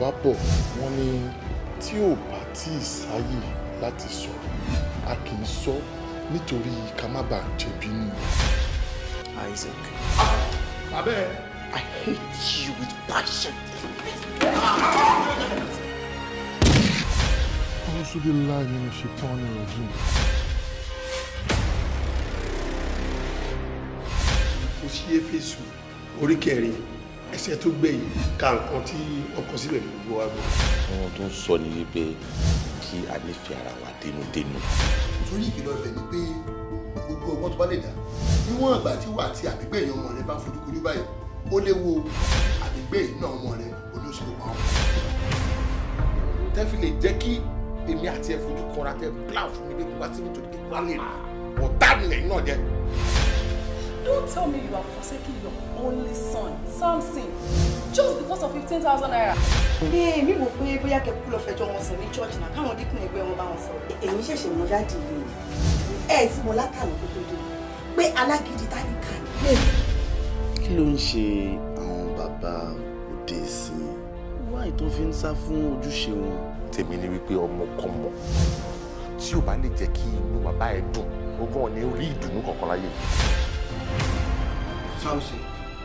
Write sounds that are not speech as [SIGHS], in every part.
Yorùbá bọ̀ wọ́n ní tí ò bá tí ì sáyè láti sọ a kì í sọ nítorí ká má bàa jẹ̀bi ni. Isaac. abẹ́. I hate you with passion. Auzu billahi minashaitanirrajim. kò sí efésù orí kẹrin ẹsẹ̀ tó gbẹ̀yìn ka nǹkan tí ọkọ sílẹ̀ gbogbo wa gbọ́. ohun tó ń sọ ni wípé kí a nífẹ̀ẹ́ ara wa dénúdénú. torí ìkìlọ̀ rẹ̀ ni pé gbogbo ọgbọ́n tó bá lè dá níwọ̀n ìgbà tí wà tí àgbègbè èèyàn ọmọ rẹ bá fojú kojú báyìí ó léwu àgbègbè náà ọmọ rẹ olóṣèlú pa ọ́. tẹ́fìlì jẹ́ kí èmi àti ẹ fojú kọra tẹ bíláà fún mi bí wá sí nítorí kí wọ́n lè rà ọ̀tá nìyẹn náà jẹ́. Don't tell me you are forsaking your only son, Samson, just because of 15,000 naira. Hey, me mi pay pé bóyá kẹ́kọ̀ọ́ lọ fẹjọ́ wọn sùn ní church náà káwọn dínkùn ẹgbẹ́ wọn bá wọn sọ. E, èmi ṣẹ̀ṣẹ̀ mọ dáàdì yìí. Ẹ ẹ̀ tí mo látàlọ́ kó tó dé. Pé alágídí tání kà ní. Kí ló ń ṣe àwọn bàbá òde ìsìn? Wáyé tó fi ń sá fún ojúṣe wọn. Tèmi ni wípé ọmọkọmọ tí ò bá lè jẹ́ kí inú bàbá ẹ̀ dùn, ogún ò ní rí ìdùnnú kankan láyé sáwùsì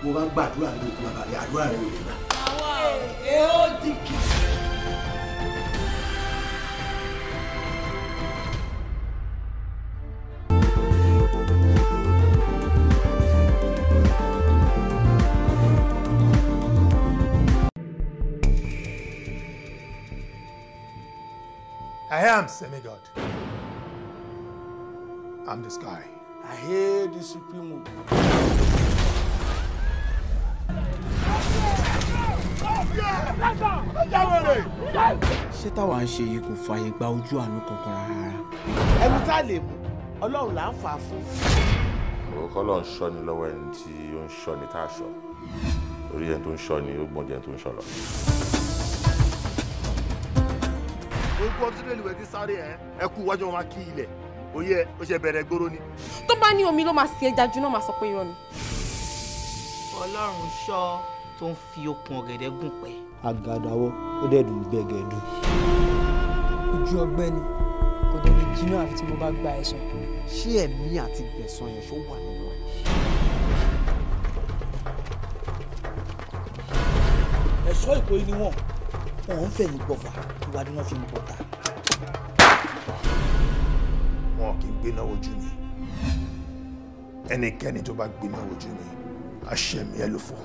mo bá gbàdúrà ní ogun bàbá àdúrà rẹ ò lè I am semi god. I'm the sky. I hear the supreme. ṣé táwa ń ṣe yìí kò fààyè gba ojú àánú kankan rárá. ẹni tá a lè mú ọlọ́run là ń fà á fún. òkò ló ń ṣọ́ ni lọ́wọ́ ẹni tí ó ń ṣọ́ ni tá a ṣọ́ orí ẹni tó ń ṣọ́ ni ó gbọ́n jẹun tó ń ṣọ́ lọ. orúkọ ọtún lèlùwẹ̀ ti sáré ẹ ẹ kú iwájú wọn kí ilẹ̀ oyè ó ṣe bẹ̀rẹ̀ gbóró ni. tó bá ní omi ló máa sin ẹja jù náà máa sọ pé irọ́ ni. ọlọ́run ṣọ́ tó ń fi okùn ọ̀gẹ̀dẹ̀ gùn pẹ́. àgàdàwọ ó dẹ̀ dùn gbẹ̀gẹ̀dù. ojú ọgbẹ́ ni kò dẹ̀ lè jiná àfi tí mo bá gba ẹ̀san. ṣé ẹ̀mí àti gbẹ̀san yẹn ṣó wà nínú ẹ̀. ẹ̀ṣọ́ ìpò ni wọ́n wọn ń fẹ̀yìn gbọ̀fà ìwádìí wọn fi ń bọ̀ ta. wọn kì í gbéná ojú mi ẹnikẹ́ni tó bá gbéná ojú mi àṣẹmí ẹ ló fọ.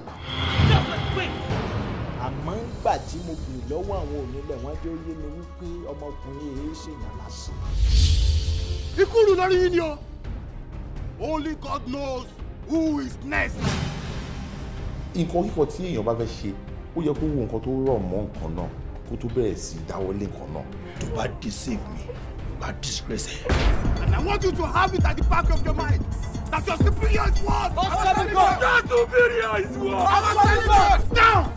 àmọ́ ńgbà tí mo bèrè lọ́wọ́ àwọn onílẹ̀ wọ́n jẹ́ yé mi wípé ọmọkùnrin èyí ṣèyàn lásán. ikú lórí yín ni o only God knows who is next. nǹkan kíkọ tí èèyàn bá fẹ́ ṣe ó yẹ kó wo nǹkan tó rọ̀ mọ́ nǹkan náà kó tó bẹ̀rẹ̀ sí í dáwọ́lé nǹkan náà. tó bá deceive me you bá disgrace ẹ. and I want you to have it at the back of your mind. That's just the brilliant one! After the God! That's the brilliant one! After the God! Now!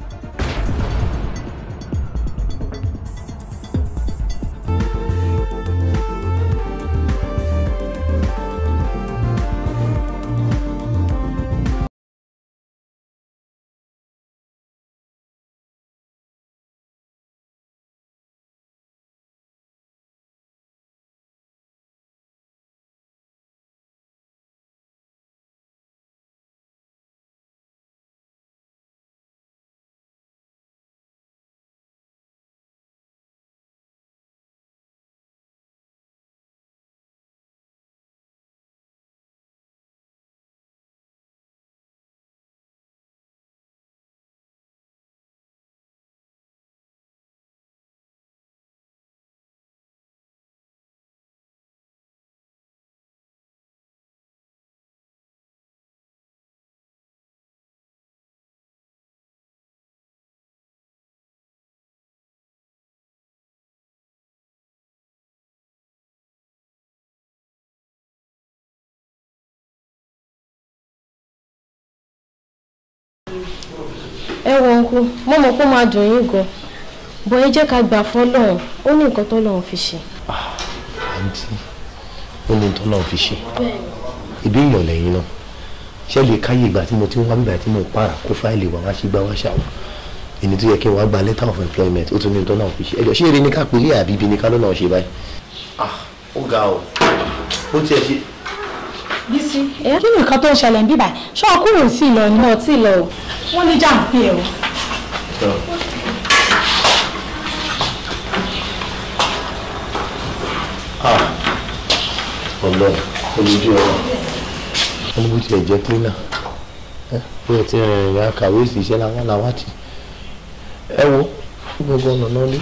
ẹ wo nǹkú mo mọ̀ pé ó máa dùn yín gan bọ́ ẹ jẹ́ ká gbà fọ́lọ́run ó ní nǹkan tọ́lọ́run fi ṣe. Ah, àǹtí ó ní tọ́lọ́run fi ṣe ìbí ìyọ̀lẹ̀ yín náà ṣé lè káyè ìgbà tí mo ti ń wá bíbà tí mo para kó fáìlì wá wá sí gbá wá ṣàwọn ẹni tó yẹ kí n wá gba letter of employment ó tún ní tọ́lọ́run fi ṣe ẹjọ́ ṣé eré ní ká pèlè àbí ibi ní ká lọ́nà ṣe báyìí. Ah, ó ga ọ ó tiẹ̀ ṣe. Bísí kí ni nǹkan tó ń ṣẹlẹ̀ bíbà ṣé ọkùnrin sì lọ ni náà tí lọ o wọ́n ní jàǹpé ẹ̀ o. Ah, Ọlọ́run olójú ọ̀rọ̀ wọ́n bó tiẹ̀ jẹ́ pé náà bí ẹ ti rìn ìrìn àkàwé ìṣiṣẹ́ làwọn làwọn ti ẹ wo gbogbo ọ̀nà náà lé.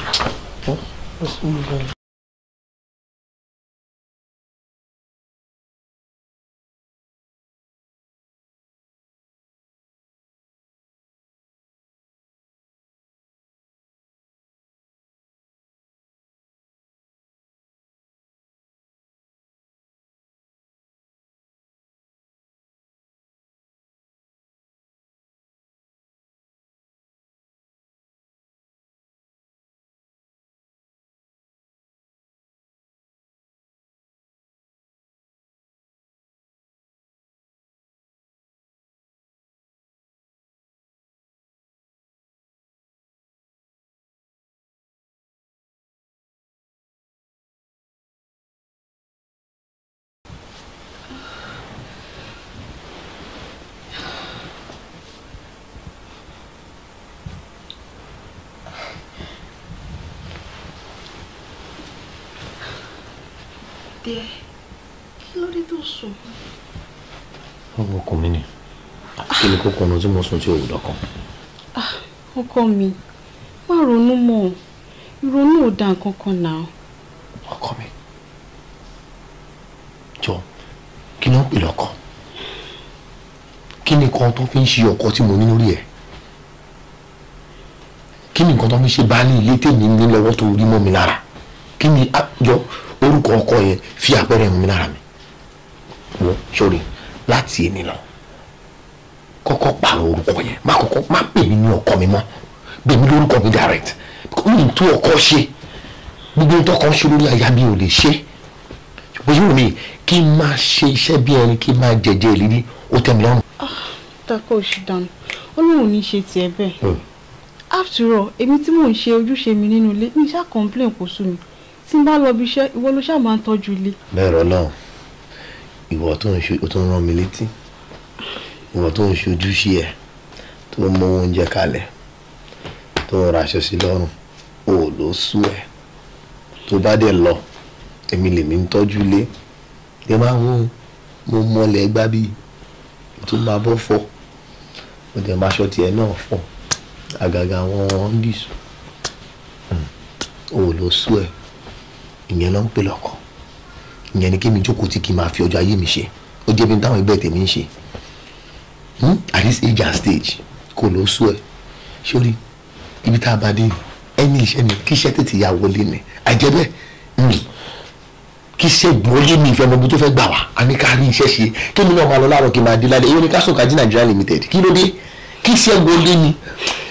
jẹ kí ló dé tó sùn. ọmọ ọkọ mi ni kí ni kókó ọ̀nà tí mo sùn tí ò wùdọ̀ kan. Ah, ọkọ mi má ronú mọ́ ìrònú ò da nǹkan kan náà. ọkọ mi jọ kí ni ó pè lọ́kọ kí ni nǹkan tó fi ń ṣe ọkọ tí mo ní lórí ẹ̀ kí ni nǹkan tó fi ń ṣe baálé ilé tèmi ní lọ́wọ́ tó rí mọ́ mi lára kí ni àjọ. Ah, orúkọ ọkọ yẹn fi àpẹẹrẹ hàn mí lára mi wọ́n sórí láti èmi lọ kọ́kọ́ pààrọ̀ orúkọ yẹn má kọ́kọ́ má pè mí ní ọkọ mi mọ́ pè mí lórúkọ mi direct mi tún ọkọ ṣe gbogbo ohun tó kàn ṣe lórí aya mi ò lè ṣe ṣùgbọ́n yóò mi kí n máa ṣe iṣẹ́ bí ẹni kí n máa jẹjẹ ìlérí ó tẹ́ mi lọ́rùn. tako ah, òṣìdánù olóhùn ní ṣe tiẹ̀ bẹ́ẹ̀ hmm. after all èmi tí mò ń ṣe ojúṣe mi nínú ilé ní sá complain kò sú mi tí n bá lọ bí iṣẹ́ ìwọ ló ṣáà máa ń tọ́jú ilé. bẹ́ẹ̀ rọ náà ìwọ tó ń ṣe tó ń rán mi létí ìwọ tó ń ṣojúṣe ẹ tó ń mọ oúnjẹ kalẹ̀ tó ń raṣọ sí lọ́rùn ò ló sú ẹ tó bá dẹ̀ lọ èmi lèmi ń tọ́jú ilé ẹ máa ń mo mọlẹ̀ gbá bíi tó máa bọ́ fọ́ mo dẹ̀ máa ṣọ tiẹ̀ náà fọ́ àgàgà àwọn ọ́ndìsù hmm. ò ló sú ẹ ìyẹn ló ń pè lọ́kọ ìyẹn ni kí mi jókòó tí kì í máa fi ọjọ́ ayé mi ṣe ó jẹ́ bí táwọn ẹgbẹ́ tèmi ń ṣe hmm? at this age and stage kò ló sú ẹ sórí ibi tá a bá dé ẹni iṣẹ́ ni kí iṣẹ́ tètè ya wọlé ni àjẹbẹ́ hmm, kí iṣẹ́ ìgbọ́lé mi ìfẹ́ ọmọbi tó fẹ́ gbà wá a ní ká rí iṣẹ́ ṣe kí mi náà máa lọ láàárọ̀ kí n máa dé lálẹ́ èyí ni ká sùn jí Nàìjíríà limited kí ló dé kí iṣẹ́ wọlé ni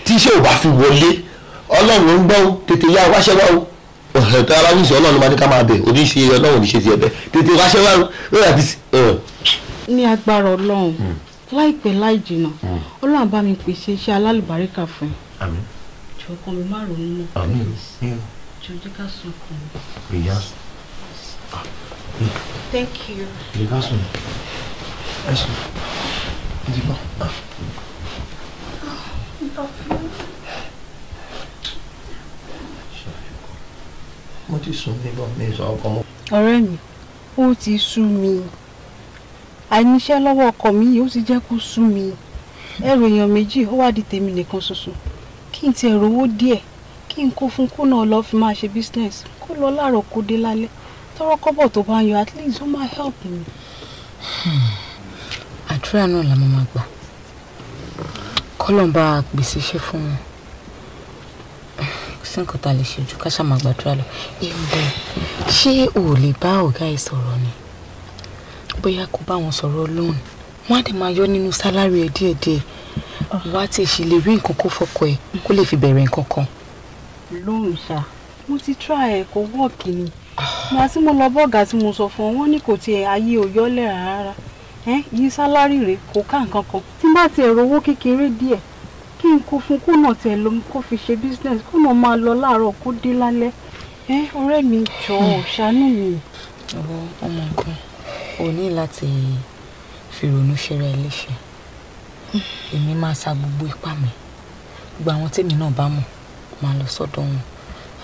tí iṣẹ́ ò bá fi wọlé Ọlọ́run ń gbọ́ tètè ya wáṣẹ́ wá o ọ̀tẹ́ aláwùsọ ọlọ́run ló máa ní ká máa bẹ̀ oníṣe ọlọ́run oníṣe ti ẹ̀bẹ̀ tètè wáṣẹ wá lórí àti. ní agbára ọlọ́run hmm. láìpẹ́ láì jìnnà hmm. ọlọ́run bá mi pèsè iṣẹ́ alálùbáríkà fún ẹ jọ ọkọ mi má ronú mọ́ jọ jẹ́ ká sùn kàn mí. thank you. lè ká sùn ẹ sùn ẹ ti bọ́. Ah, mo ti sùn níbọ̀ mi sọ ọkọ mọ́. ọ̀rẹ́ mi ó ti sú mi àìníṣẹ́ lọ́wọ́ ọkọ mi yìí ó ti jẹ́ kó sú mi ẹrù èèyàn méjì ó wá di tèmi nìkan ṣoṣo kí n tiẹ̀ rówó díẹ̀ kí n kó fún kó náà lọ́ọ́ fi máa ṣe business kó lọ láàárọ̀ kó dé lálẹ́ tọrọ kọ́bọ̀ tó bá ń yọ at least ó máa help mi. àdúrà náà la mo máa gbà kọ́lọ̀ ń bá a pèsè fún wọn kò sí nǹkan tá a lè ṣe ju ká ṣàmà gbàdúrà lọ èèbù ṣé o ò lè bá ọ̀gá ẹ̀ sọ̀rọ̀ ni bóyá kó bá wọn sọ̀rọ̀ lóhùn wọn á dẹ̀ máa yọ nínú sálárì ẹ̀ díẹ̀díẹ̀ wá tí èsì lè rí nǹkan kó fọkọ ẹ̀ kó lè fi bẹ̀rẹ̀ nǹkan kan. lóhùn ṣá mo ti try ẹ kó wọ́ọ̀kì ni màá tí mo lọ bọ́ọ̀gà tí mo sọ fún ọ wọn ní kò tiẹ̀ ayé ò yọlẹ̀ rárá yí sálárì rẹ̀ kò ká nǹkan kan tí bá tiẹ̀ rówó kékeré díẹ̀ kí n kó fún kó náà tẹ̀ lómi kó fi ṣe business kó náà máa lọ láàárọ̀ kó dé lálẹ́ ẹ ọ̀rẹ́ mi jọ ṣàánú mi. ọ̀rọ̀ ọmọ nǹkan ò ní láti fìrònú ṣera ẹ léṣe èmi máa sa gbogbo ipá mi gbogbo àwọn tèmi náà bá mọ̀ máa lọ sọ́dọ̀ wọn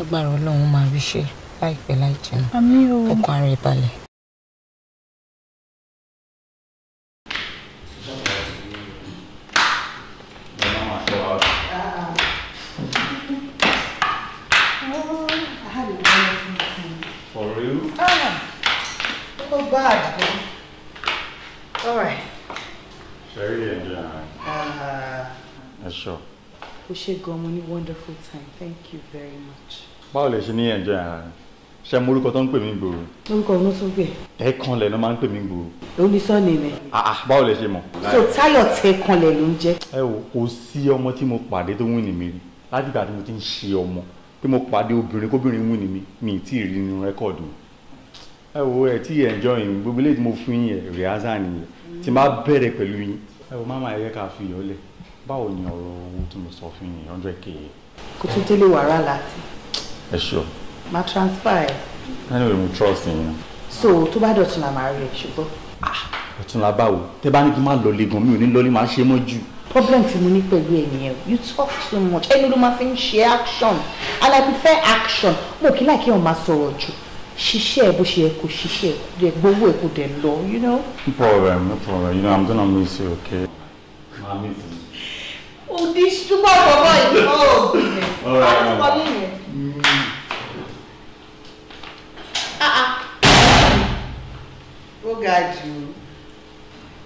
agbára ọlọ́run máa ríṣẹ́ láìpẹ́ láì jìnnà ọkàn ara ẹ̀ balẹ̀. Oh, bad. All right. Sherry and John. Uh, uh-huh. sure. Ó ṣe gan-an, mo wonderful time. Thank you very much. Báwo lẹ ṣe ní ẹ̀jẹ̀ ara rẹ̀? Ṣé mo orúkọ tó ń pè mí gbòòrò? Orúkọ ló tún pè. Ẹ̀kanlẹ̀ ló máa ń pè mí gbòòrò. Onísọ́ọ̀nì ni. Àà ah, ah, báwo lẹ ṣe mọ̀? So Táyọ̀ tẹ kanlẹ̀ ló ń jẹ́. Ẹ wo kò sí ọmọ tí mo pàdé tó wù ní mi rí látìgbà tí mo ti ń ṣe ọmọ pé mo pàdé obìnrin kóbìnrin wù ní mi mi ì tí ì rí nínú rẹ́kọ̀dù ẹ wo ẹ tí ẹ enjoy yín gbogbo ilé tí mo fún yín ẹ rìhásà nìyẹn tí n bá bẹ̀rẹ̀ pẹ̀lú yín ẹ wo máma ẹ ká fi yọ lẹ̀ báwo ni ọ̀rọ̀ owó tí mo sọ fún yín hundred k. kò tún délé wàrà láti. ẹ ṣọ. máa transfer ẹ. ẹni wo trust yín. so tó bá dọ̀tún la máa rí ẹ ṣùgbọ́n. Ah, ọ̀tún la báwo tẹ bá ní kí n máa lọ lẹ́gàn mi ò ní lọ ní máa ṣe mọ́ jù. problem tí mo ní pẹ̀lú ẹ nìyẹn you talk too much ẹnu ló máa fi ń ṣe action and i prefer action mo kí láì kí wọn máa sọ̀rọ̀ jù ṣiṣẹ́ bó ṣe yẹ kó ṣiṣẹ́ ẹ̀ gbowó ẹ̀ kó dẹ̀ lọ no problem no problem you know i'm gonna miss you okay. ma miss you. odi ṣùgbọ́n bọ̀bọ̀ yìí oh goodness. ọ̀rọ̀ àwọn ọmọ mi yẹn. ó ga jù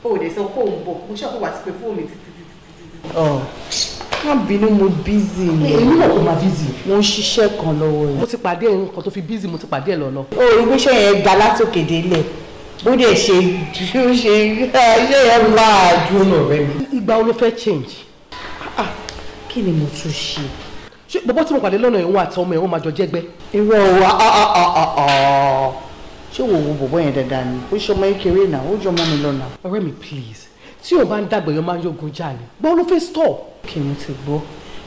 ó ò dẹ̀ sọ pé òun bọ̀ mo ṣọ́ọ̀kù wá sí pé fóònù má bínú mo bízì ni. èmi náà kò máa bízì. mo ń ṣiṣẹ́ kan lọ́wọ́ rẹ̀. mo ti pàdé ẹ̀ nǹkan tó fi bízì mo ti pàdé ẹ̀ lọ́lọ́. o ìgbésẹ̀ yẹn ga látòkè délẹ̀ bó dẹ̀ ṣe ṣe ṣe yẹn máa dúró rẹ̀ mi. ìgbà wo ló fẹ́ change. Ah, kí ni mo tún ṣe. ṣé bọ́bọ́ tí mo pàdé lọ́nà ìwọ̀n àti ọmọ ẹ̀wọ̀n máa jọ jẹ́gbẹ́. irú ọ̀wà ah, ah, ṣé wo wo bọ̀bọ́ yẹn dáadáa ni ó ṣe ọmọ kékeré náà ó jọ ọmọ mi lọ́nà. ọ̀rẹ́ mi please tí o bá ń dàgbà yọ máa ń yógun jalè gbọ́ ló fẹ́ stop. kí mo ti gbọ́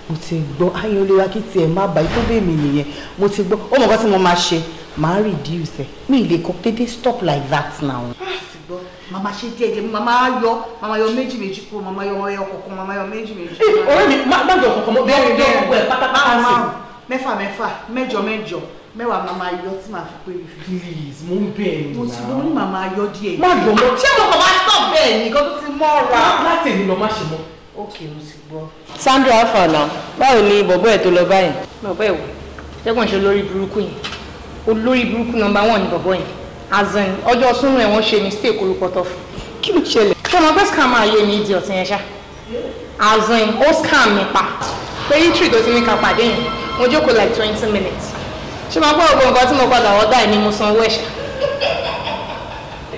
mo ti gbọ́ ayé olera kí tiẹ̀ má ba ikú bẹ́ẹ̀ mi nìyẹn mo ti gbọ́ ó mọ̀ nǹkan tí mo máa ṣe màá reduce ẹ̀ mi ì lè kọ́ dédé stop like that now. Ah, màmá ṣe díẹ̀ díẹ̀ màmá yọ màmá yọ méjì méjì kú màmá yọ ọyọ kọ̀ọ̀kan màmá yọ méjì méjì. Eh, ọ̀rẹ́ mi má jọ kọ̀ọ̀kan mọ́ bẹ́ẹ̀ ni bẹ́ẹ̀ ni mẹ́fà mẹ́fà mẹ́jọ mẹ́jọ mẹ́wàá máa máa yọ tí fi pé ìfẹ́. please mo ń bẹ̀ ẹ́ nà. mo ti mo ní màá máa yọ díẹ̀. má gbọ́ mọ́. ṣé mo kàn máa sọ bẹ́ẹ̀ ni kó tó ti mọ́ ra. láti èmi lọ má ṣe mọ́. ok mo ti gbọ́. Sandra afa na báwo ni bọ̀bọ́ ẹ̀ tó lọ báyìí. bọ̀bọ́ ẹ̀ wò jẹ́gbọ́n ṣe olórí burúkú yìí olórí burúkú nọ́mbà wọn ni bọ̀bọ́ yìí azan ọjọ́ súnmọ́ ẹ̀ wọ́n ṣe mistake orúkọ tó fún kí ló ṣẹlẹ̀. tọmọ pé scam máa yé mi di ọ̀sìn yẹn ṣá azan Oscar scam mi pa pé yìí tìrì tó ti ní ká pàdé yẹn mo jókòó like twenty minutes ṣé máa pọ̀ ògbó nǹkan tí mo padà ọ̀dà ẹ̀ ni mo sanwó ẹ̀ṣẹ̀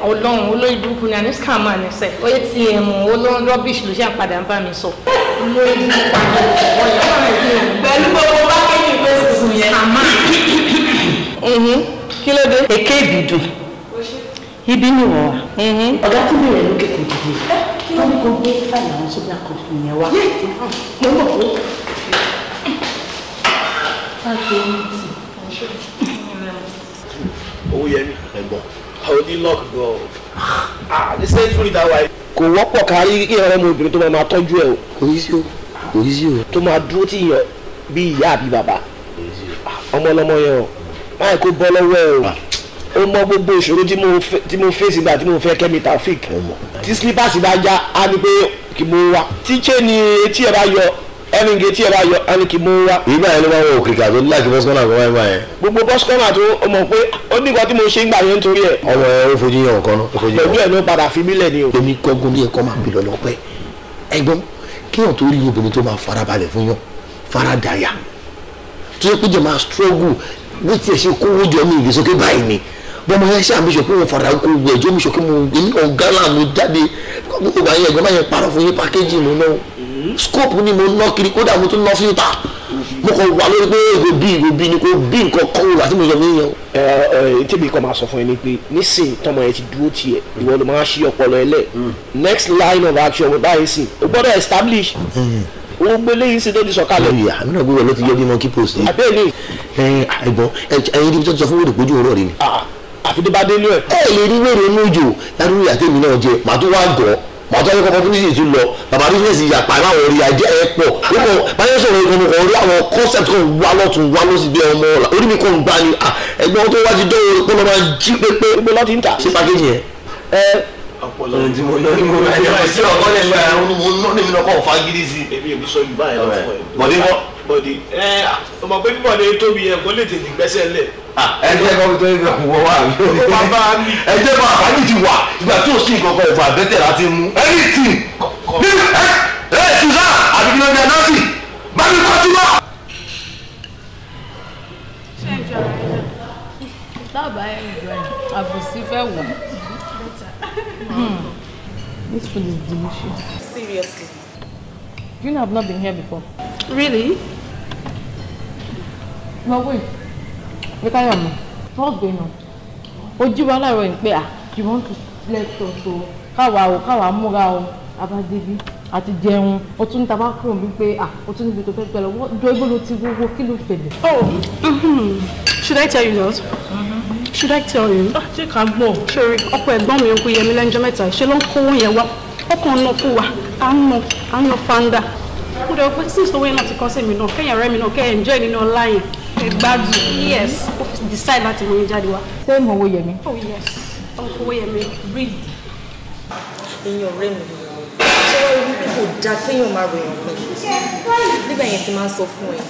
ọlọ́run olórí burúkú ni àníṣkà máa nìṣẹ́ ó yẹ ti ẹ̀ olóhùn rọ́bìṣì ló ṣe àpàdà ń bá mi sọ. pẹ̀lú gbogbo bákẹ́jì fẹ́sùn yẹn. kí ló dé. èké ìbìdùn ibi ni wọ́n wà. ọ̀gá tí mi rẹ̀ ló kékeré dìde wọ́n ní gbé fáìlì owó yẹmi ẹ̀gbọ́n àwọn onílọ́ọ̀k gan o ah ní sẹ́ńtúrì náà wáyé. kò wọ́pọ̀ kárí kí ẹ̀rọ ọmọ obìnrin tó máa máa tọ́jú ẹ̀ o. kò yí sí o kò yí sí o. tó máa dúró tì yàn bí ìyá àbí bàbá ọmọ ọlọmọ yẹn o máyì kó bọ́ lọ́wọ́ ẹ o ó mọ gbogbo ìṣòro tí mo fèsì gbà tí mo fẹ́ kẹ́mi Taofik tí sílípàsì bá já á ní pé kí mo wá tí chain ni etí ẹ̀ bá yọ ẹni nge tí ẹ bá yọ aniki mú wá. ìgbà yẹn ló máa ń wo òkìkà tó láti bọ́sùkọ́nà kan wáyé báyẹn. gbogbo bọ́sùkọ́nà tó o mọ̀ pé ó ní nǹkan tí mo ṣe ń gbà yẹn nítorí ẹ̀. ọmọ ẹ ó fojú yàn kan náà. pẹ̀lú ẹ̀ ló padà fi mí lẹ̀ ni o. èmi gbọ́gun ní ẹ̀kọ́ máa ń bìlọ̀ lọ́pẹ́ ẹ̀gbọ́n kéèyàn tó rí obìnrin tó máa farabalẹ̀ fún yàn faradàyà tó yẹ kó jẹ ni bọ́mọ yẹn ṣe àmìṣe pé wọ́n fara kó gbẹ̀jọ́ mi ṣe pé mo gbé ní ọ̀gá làmú jáde gbogbo àyẹ̀gbọ́n máa yẹn parọ́ fún yín pákéjì mi náà scope ni mo ná kiri kódà mo tún ná filter mo kàn wà lórí pé ìgò bí ìgò bí ni kò bí nǹkan kan wò láti mo sọ fún yín o. ẹ ẹ tèmi kan máa sọ fún yín ni pé nísìnyí tọmọ yẹn ti dúró tiẹ̀ ìwọ ló máa ṣí ọpọlọ ẹlẹ mm. next line of action ọmọ báyìí sìn o gbọ́dọ̀ establish o mm. gbé léyìn sí lórí sọ̀kalẹ̀. ìyá oh, mi náà gbé wọlé ti yẹ bí monkey post yìí. abẹ́ẹ̀ni. ẹ ẹ̀gbọ́n ẹ̀yin níbi tó ti sọ fún wèrè pójú òwúrọ̀ rẹ ni. Ah, àfi tó bá dé ní ẹ̀. ẹ lè rí wèrè inú ìjò lárúurú àtẹ̀mí náà jẹ màá tún wá gọ̀ọ́ màtọ́ yẹ kọ́kọ́ bísí ti lọ bàbá bísíǹsì yàpá náà wọ́n rí ajẹ́ ẹ pọ̀ nípa báyọ̀ sọ̀rọ̀ ìkànnì kan rí àwọn concept kan wá lọ́tún wá lọ́sí bí ọmọ ọ̀la orí mi kàn ń gbani ẹgbẹ́ tó wá ti dọ́wọ́ pé lọ́ọ́ jí pépé pé láti ń tà ṣé pàkéjì yẹn. ẹ ọpọlọ ní mo mo lọ ní mo lọ ní mo lọ ní mo mo lọ ní mo lọ ní mo lọ ní mo lọ ní mo lọ ní mo lọ bọ̀dì ẹ ọmọ pé bíbọ̀ lè tóbi yẹn kó lè tètè gbẹ́sẹ̀ lẹ̀. ẹ jẹ́ kó tó yẹ kó wọ́n wà mí. ẹ jẹ́ kó àbájú ti wà ìgbà tó sí nǹkan kan ìfọ̀ àbẹ́tẹ̀ láti mú. anything ní ẹ ẹ susan àbíkínà ní anásì bá mi kọjú wá. ṣé ìjọ rẹ dábàá ẹ ìjọ rẹ àbòsí fẹ́ wò. Hmm. This food is delicious. Seriously. You know I've not been here before. Really? lọ́wọ́ ẹ̀ pé káyọ̀ mọ̀ lọ́gbìn náà ó jí wa láàárọ̀ yìí pé à kì wọ́n ti lẹ́tọ̀ so káwa o káwa múra o abádébí àti jẹun ó tún ní tabá kúrò bí pé à ó tún níbi tó fẹ́ pẹ̀lú wọ́n jọ ibo ló ti wúwo kí ló fẹ̀lẹ̀. oh mm-hmm. should I tell you not? Mm-hmm. should I tell you? ṣé ah, ká gbọ́. ṣé ọkọ ẹ̀gbọ́n mi okùn yẹmi lẹ́njọ́ mẹ́ta ṣé ló ń kówó yẹn wá ọkọ̀ ń lọ fún wa à ń lọ à ń lọ fanda. mo dẹ̀ pé sísọ owó yẹn náà ti kọ́ sí mi náà kẹ́yìn ọ̀rẹ́ mi náà kẹ́yìn jẹ́ nínú ọlá yẹn gbádùn yes ó fi decide láti mú mi jáde wá. ṣé mo wo yẹmi. oh yes ọkọ wo yẹmi breathe. èèyàn ọ̀rẹ́ mi ṣé wọ́n rí pé kò dáa kéèyàn máa ròyìn pé nígbà yẹn ti máa sọ fún ẹ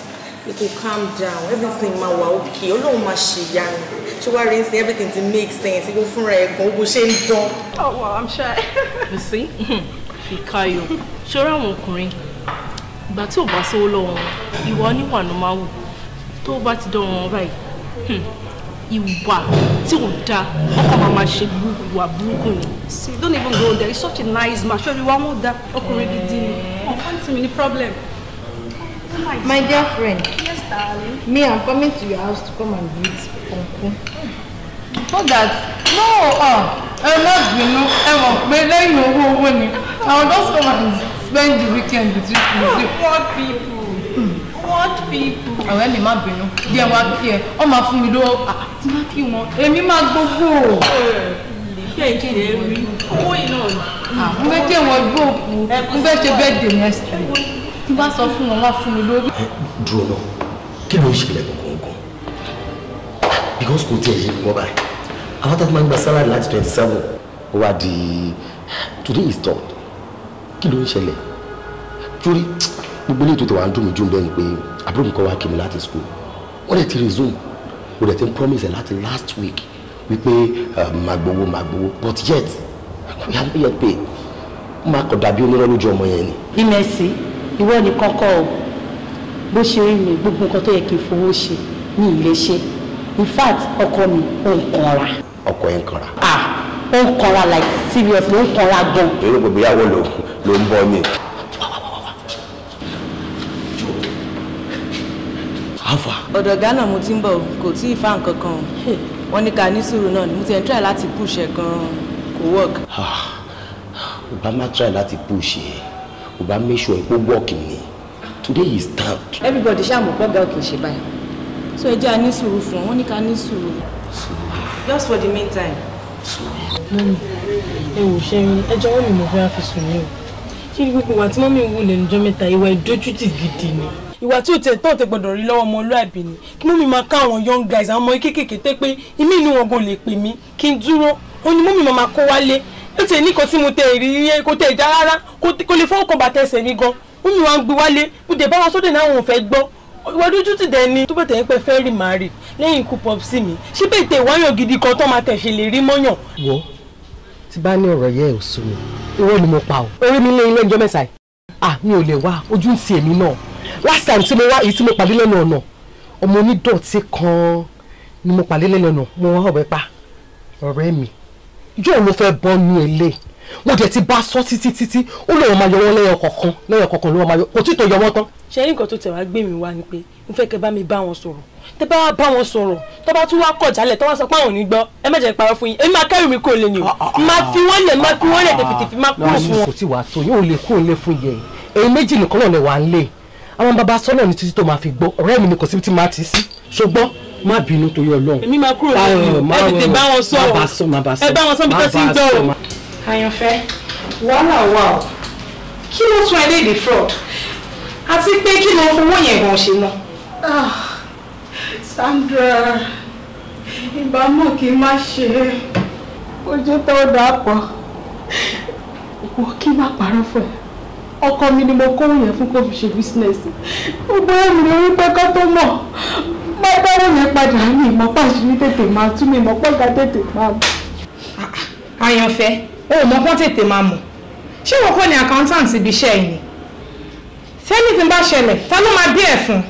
you go calm down everything ma wa okay ọlọ́run ma ṣe ìyanu ṣé wàá rí nsìn everything ti make sense ibo fúnra ẹ̀ gan ogun ṣe ń dán. oh wow i'm shy. [LAUGHS] you see ìkayọ̀ ṣọ́ra àwọn ọkùnrin ìgbà tí ò bá sówó lọ́wọ́ wọn ìwà oníwà ló máa wù tó bá ti dán wọn báyìí hmm, ìwà tí ò da ọkọ màmá ṣe ìwà burúkú ni see don't even go there he's such a nice man ṣọ́ọ́bí wa wọ́n da ọkùnrin gidi ni ọ̀kan tí mi ní problem. My dear friend. Yes, darling. Me, I'm coming to your house to come and greet Uncle. So that, no, uh, I'm not, you know, Emma, but then you go, Winnie. I will just come and spend the weekend with you. Ah, poor people odd people. ọ̀rẹ́ mi má bínú díẹ̀ wá kí ẹ ọ máa fún mi lówó àti má kí wọn èmi máa gbogbo. ìfẹ́ ìkéde rí owó iná ni. n bẹ jẹ́ wọn gbó òkú n bẹ ṣe bẹ́ẹ̀ dè next time tí bá sọ fún wọn wá fún mi lówó. ẹ dúró náà kí ló ń ṣẹlẹ̀ gbọ̀ngàn because kò tiẹ̀ yé mi mọ́ báyìí àwọn tá a ti máa ń gba salary láti twenty seven ó wá di today is third kí ló ń ṣẹlẹ̀ torí gbogbo ilé ètò tẹ̀wá ń dùn mí jù bẹ́ẹ̀ ni pé àbúrò mi kọ́ wá kí mi láti school wọ́n dẹ̀ ti resume wọ́n dẹ̀ ti ń promise láti last week wípé uh, máa gbowó máa gbowó but yet we haven't yet paid ó máa kọ̀ dàbí onírọ́ lójú ọmọ yẹn ni. bí mẹ́sì ìwọ nìkan kọ́ ọ bó ṣe rí mi gbogbo nǹkan tó yẹ kí n fowó ṣe ní ilé ṣe in fact ọkọ mi ò ń kanra. ọkọ yẹn kanra. ah ó ń kanra like seriously ó ń kanra gan. èrò gbogbo ìyàwó ló ló ń bọ mi. àfà. ọ̀dọ̀ ghana mo ti ń bọ̀ kò tí ì fa nǹkan kan wọ́n ní ká ní sùúrù náà mo ti ẹ̀ ń try láti push ẹ̀ gan-an kò work. ọba máa try láti push ẹ ọba make sure pé work ni today is stand. everybody ṣàmù pọ́gà òkè ṣe báyìí so ẹ jẹ́ a ní sùúrù fún wọn ní ká ní sùúrù just for the meantime. mọ́mí ẹ wò ṣe rin ẹjọ́ wọn ni mo fẹ́ fi sùn ní o ṣé gbogbo wa tí mọ́mí ń wù lẹ́nu ọjọ́ mẹ́ta ìwà ìdójútì gidi ni ìwà tí ò tẹ̀ tó tẹ̀ gbọ́dọ̀ rí lọ́wọ́ ọmọlúàbí ni kí mọ́mí máa ká àwọn young guys àwọn ọmọ kéékèèké tẹ́ pé imí inú wọn gan lè pè mí kí n dúró ó ní mọ́mí máa kó wálé ó tẹ̀ ní kan tí mo tẹ̀ rí yẹ kó tẹ̀ já rárá kó lè fọwọ́ kan bàtẹ́ ẹsẹ̀ mi gan mọ́mí wa ń gbé wálé mo dẹ̀ bá wọn sódè náà wọn ò fẹ́ gbọ́ ìwà dójú ti dẹ̀ ni tó bẹ̀tẹ̀ pẹ́ fẹ́ rí màá rì lẹ́yìn ikú pọ́psì mi ṣé bẹ̀tẹ̀ wáyàn gidi kan tó máa tẹ̀sẹ̀ lè rí mọ́yàn. wọ́n ti bá ní ọ̀rọ̀ yẹ ò mi irọ́ ni mo pa ọ́ orí mi lé ilé ẹjọ́ mẹ́sàáì ah mi ò lè wá ojú ń ti èmi náà last time tí mo wá èyí tí mo pàdé lẹ́nu ọ̀nà ọmọ onídọ̀tí kan ni mo pàdé lẹ́nu ọ̀nà mo wá ọ̀rẹ́ pa ọ̀rẹ́ mi yóò ló fẹ́ bọ́ nu èlé mo dẹ̀ ti bá sọ títí títí ó lè wọ́n máa yọ wọ́n lẹ́yọ kọ̀ọ̀kan lẹ́yọ kọ̀ọ̀kan ló wọ́n máa yọ kò tí ì tó yọ wọ́n tán. ṣé nǹkan tó tẹ̀ wá gbé mi wá ni pé mo fẹ́ kẹ́ bá mi bá wọn sọ̀rọ̀ tẹ́ bá wá bá wọn sọ̀rọ̀ tó bá tún wá kọ̀ jálẹ̀ tó wá sọ pé àwọn ò ní gbọ́ ẹ má jẹ́ parọ́ fún yín èmi máa kẹ́rù mi kúrò lé ni o máa fi wọ́n lẹ̀ máa fi wọ́n lẹ̀ tẹ̀fìtẹ̀fì máa kúrò fún wọn. kò tí wàá tó yóò lè kúrò lé fún yẹn èyí méjì nìkan náà lè wà á lè àwọn bàbá sọ́nà ní títí tó máa fi gbọ́ ọ̀rẹ́ mi ni kò síbi tí màá ti sí ṣùgbọ́n má bínú torí ọlọ́run. èmi máa kúrò lẹ́yìn ẹ tètè bá wọn sọ ẹ bá wọn sọ bí tó ti ń gbọ́ o. àyànfẹ́ wàhálà wà o kí ló tún ẹ léde fraud àti pé kí ló fowó yẹn gan ṣe ná. Ah, Sandra ìbámu kì í má ṣe ojú tó dà pọ̀ wọ́n kí má parọ́ fún ẹ ọkọ mi ni mo kó yẹn fún kó fi ṣe business gbogbo ẹ̀mí ni wípé kó tó mọ̀ má dáwọ́ yẹn padà ní ìmọ̀pá ìṣírí tètè máa tún mi ìmọ̀pá ọ̀gá tètè máa mọ̀. àyànfẹ́ o ò mọ̀pọ́n tètè máa mọ̀ ṣé wọn kọ́ ni accountant ibi iṣẹ́ yìí ni sẹ́ni tí ń bá ṣẹlẹ̀ ta ló máa bí ẹ̀ fún.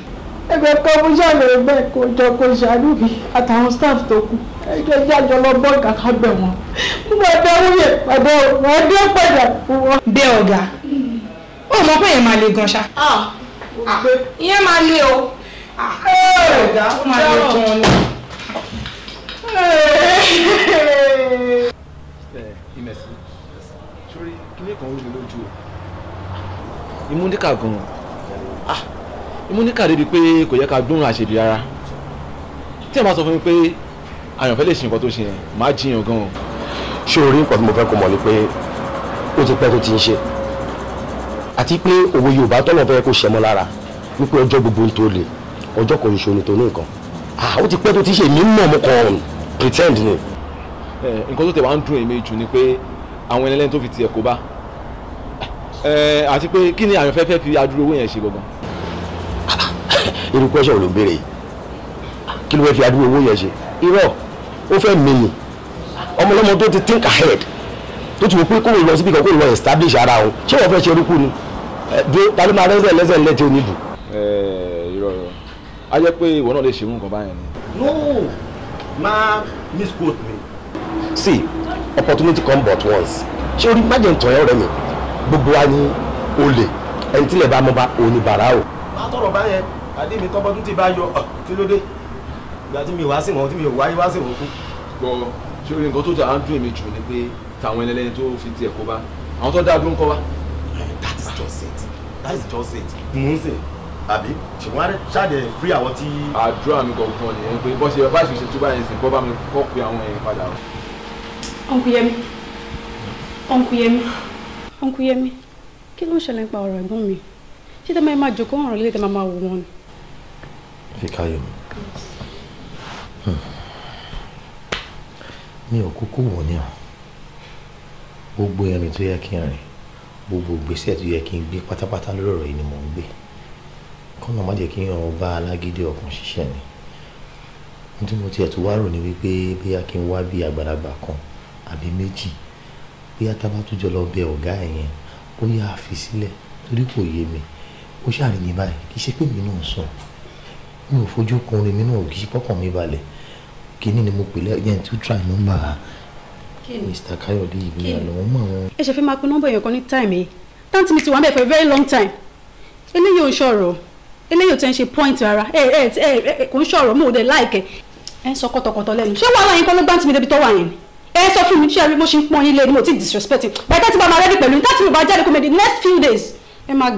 ẹgbẹ́ kan mo ṣàlẹ̀ bẹ́ẹ̀ kó jọ kó ṣàánú mi àtàwọn staff tó kù ẹjọ́ jájọ lọ bọ́ ọ̀gá ká mo bá dáwọ́ yẹn padà wọ́n dé padà fún wọn. bẹ́ẹ̀ ọ̀gá O mọ pé yẹn máa le gan ṣá. Ah, ah. ìyẹn máa le o. ọ̀gá ah, ó máa le gan ni. ìmẹ̀sì eh, sórí kíní kan ó lè lójú o. ìmúdíkà gan-an ìmúdíkà débi pé kò yẹ ká gbóhùn àṣebí rárá tí ẹ bá sọ fún mi pé àyànfẹ́ lè ṣe nǹkan tó ṣe yẹn máa jiyàn gan-an. ṣé o rí nǹkan tí mo fẹ́ kó mọ̀ ni pé ó ti pẹ́ tó ti ń ṣe àti pé òwe yorùbá tọ́lọ̀ fẹ́ kó ṣẹmọ́ lára wípé ọjọ́ gbogbo ń tó le ọjọ́ kan ṣoṣo ni tó ní nǹkan ó ti pẹ́ tó ti ṣe mí mọ̀ mo kàn pretend ni. nǹkan tó tẹ̀ wá ń dùn èmi jù ni pé àwọn ẹlẹ́ni tó fi tiẹ̀ kó bá àti pé kí ni àwọn fẹ́fẹ́ fi adúrú owó yẹn ṣe gangan. irú question ló ń kí ló fẹ́ fi adúrú owó yẹn ṣe irọ́ ó fẹ́ mi ọmọlọ́mọ tó ti think ahead tó ti wò pé kó o lọ síbi kan kó o lọ establish ara òun ṣé wọ́n fẹ́ ṣe orúkú ni. Eh, bí ta ló máa rẹ́sẹ̀ lẹ́sẹ̀ lẹ́tí oníbù. ẹ eh, irọ́ irọ́ a jẹ́ pé ìwọ náà lè ṣerú nǹkan báyẹn ni. no máa misquote me. see opportunity come but once ṣé orí má jẹ́ ntọ́ ẹ ọ̀rẹ́ mi gbogbo wa ni olè ẹni tí lè bá mọ́ bá oníbàárà o. má tọrọ báyẹn adé mi tọ́gbọ́n tó ti bá yọ ah, kí ló dé ìgbà tí mi wá sí wọn tí mi ò wáyé wá sí wọn kú. gbọ́ ṣé orí nǹkan tó jà á ń dùn èmi jù ni pé tàwọn ẹlẹ́ni tó fi tiẹ̀ kó bá àwọn tó dáa dúró kọ́ wa that is just it that is just it. mo ń sè àbí ṣùgbọ́n ṣáàdẹ̀ free àwọn tí. àdúrà mi gangan nìyẹn pé bó ṣe bá ṣe ṣe tó bá yẹn sìn kó bá mi kọ́ pé àwọn èèyàn padà. ọ̀nkú yẹmi ọ̀nkú yẹmi ọ̀nkú yẹmi kí ló ń ṣẹlẹ̀ nípa ọ̀rọ̀ ẹ̀gbọ́n mi ṣé tẹ́ máa máa jókòó ọ̀rọ̀ lílé tẹ́ máa máa wò wọ́n ni. Fíkáyọ̀mí hmm. mi ò kúkú wò ní ọ gbogbo ẹni tó yẹ kí n rìn gbogbo ìgbésẹ̀ tó yẹ kí n gbé pátápátá lórí ọ̀rọ̀ yìí ni mò ń gbé kọ́nà má jẹ́ kí n ọ̀ bá alágídí ọkàn ṣiṣẹ́ ni ohun tí mo tiẹ̀ tó wá rò ní wípé bóyá kí n wá bí àgbàlagbà kan àbí méjì bóyá tábà tó jọ lọ bẹ ọ̀gá ẹ̀ yẹn ó yà á fi sílẹ̀ torí kò yé mi ó ṣàrìyìn báyìí kì í ṣe pé mi náà sùn mi ò fojú kun orin mi náà kì í ṣe pọ́kàn mi balẹ̀ kíní ni mo pè lẹ́yìn tó try number mr Káyọ̀dé ìbílẹ̀ lọ́wọ́ mọ̀ wọn. ẹ ṣe fi máa pe nọ́mbà èèyàn kan ní táìmì yìí táǹtì mi ti wà ń for a very long time eléyìí ò ń ṣọ̀rọ̀ eléyìí ò tẹ́ ń ṣe point rárá ẹ ẹ ẹ kò ń ṣọ̀rọ̀ mo ò dé láìkẹ́ ẹ ń sọ kọ́tọ̀kọ́tọ̀ lẹ́nu ṣé wàhálà yín kọ́ ló gbáǹtì mi débi tọ́wọ́ yẹn ni ẹ sọ fún mi ṣé ẹ mo ṣe ń pọn ilé ni mo ti disrespect by that i'm ready pẹ̀lú that time ìbájáde kò mẹ́ the next few days ẹ máa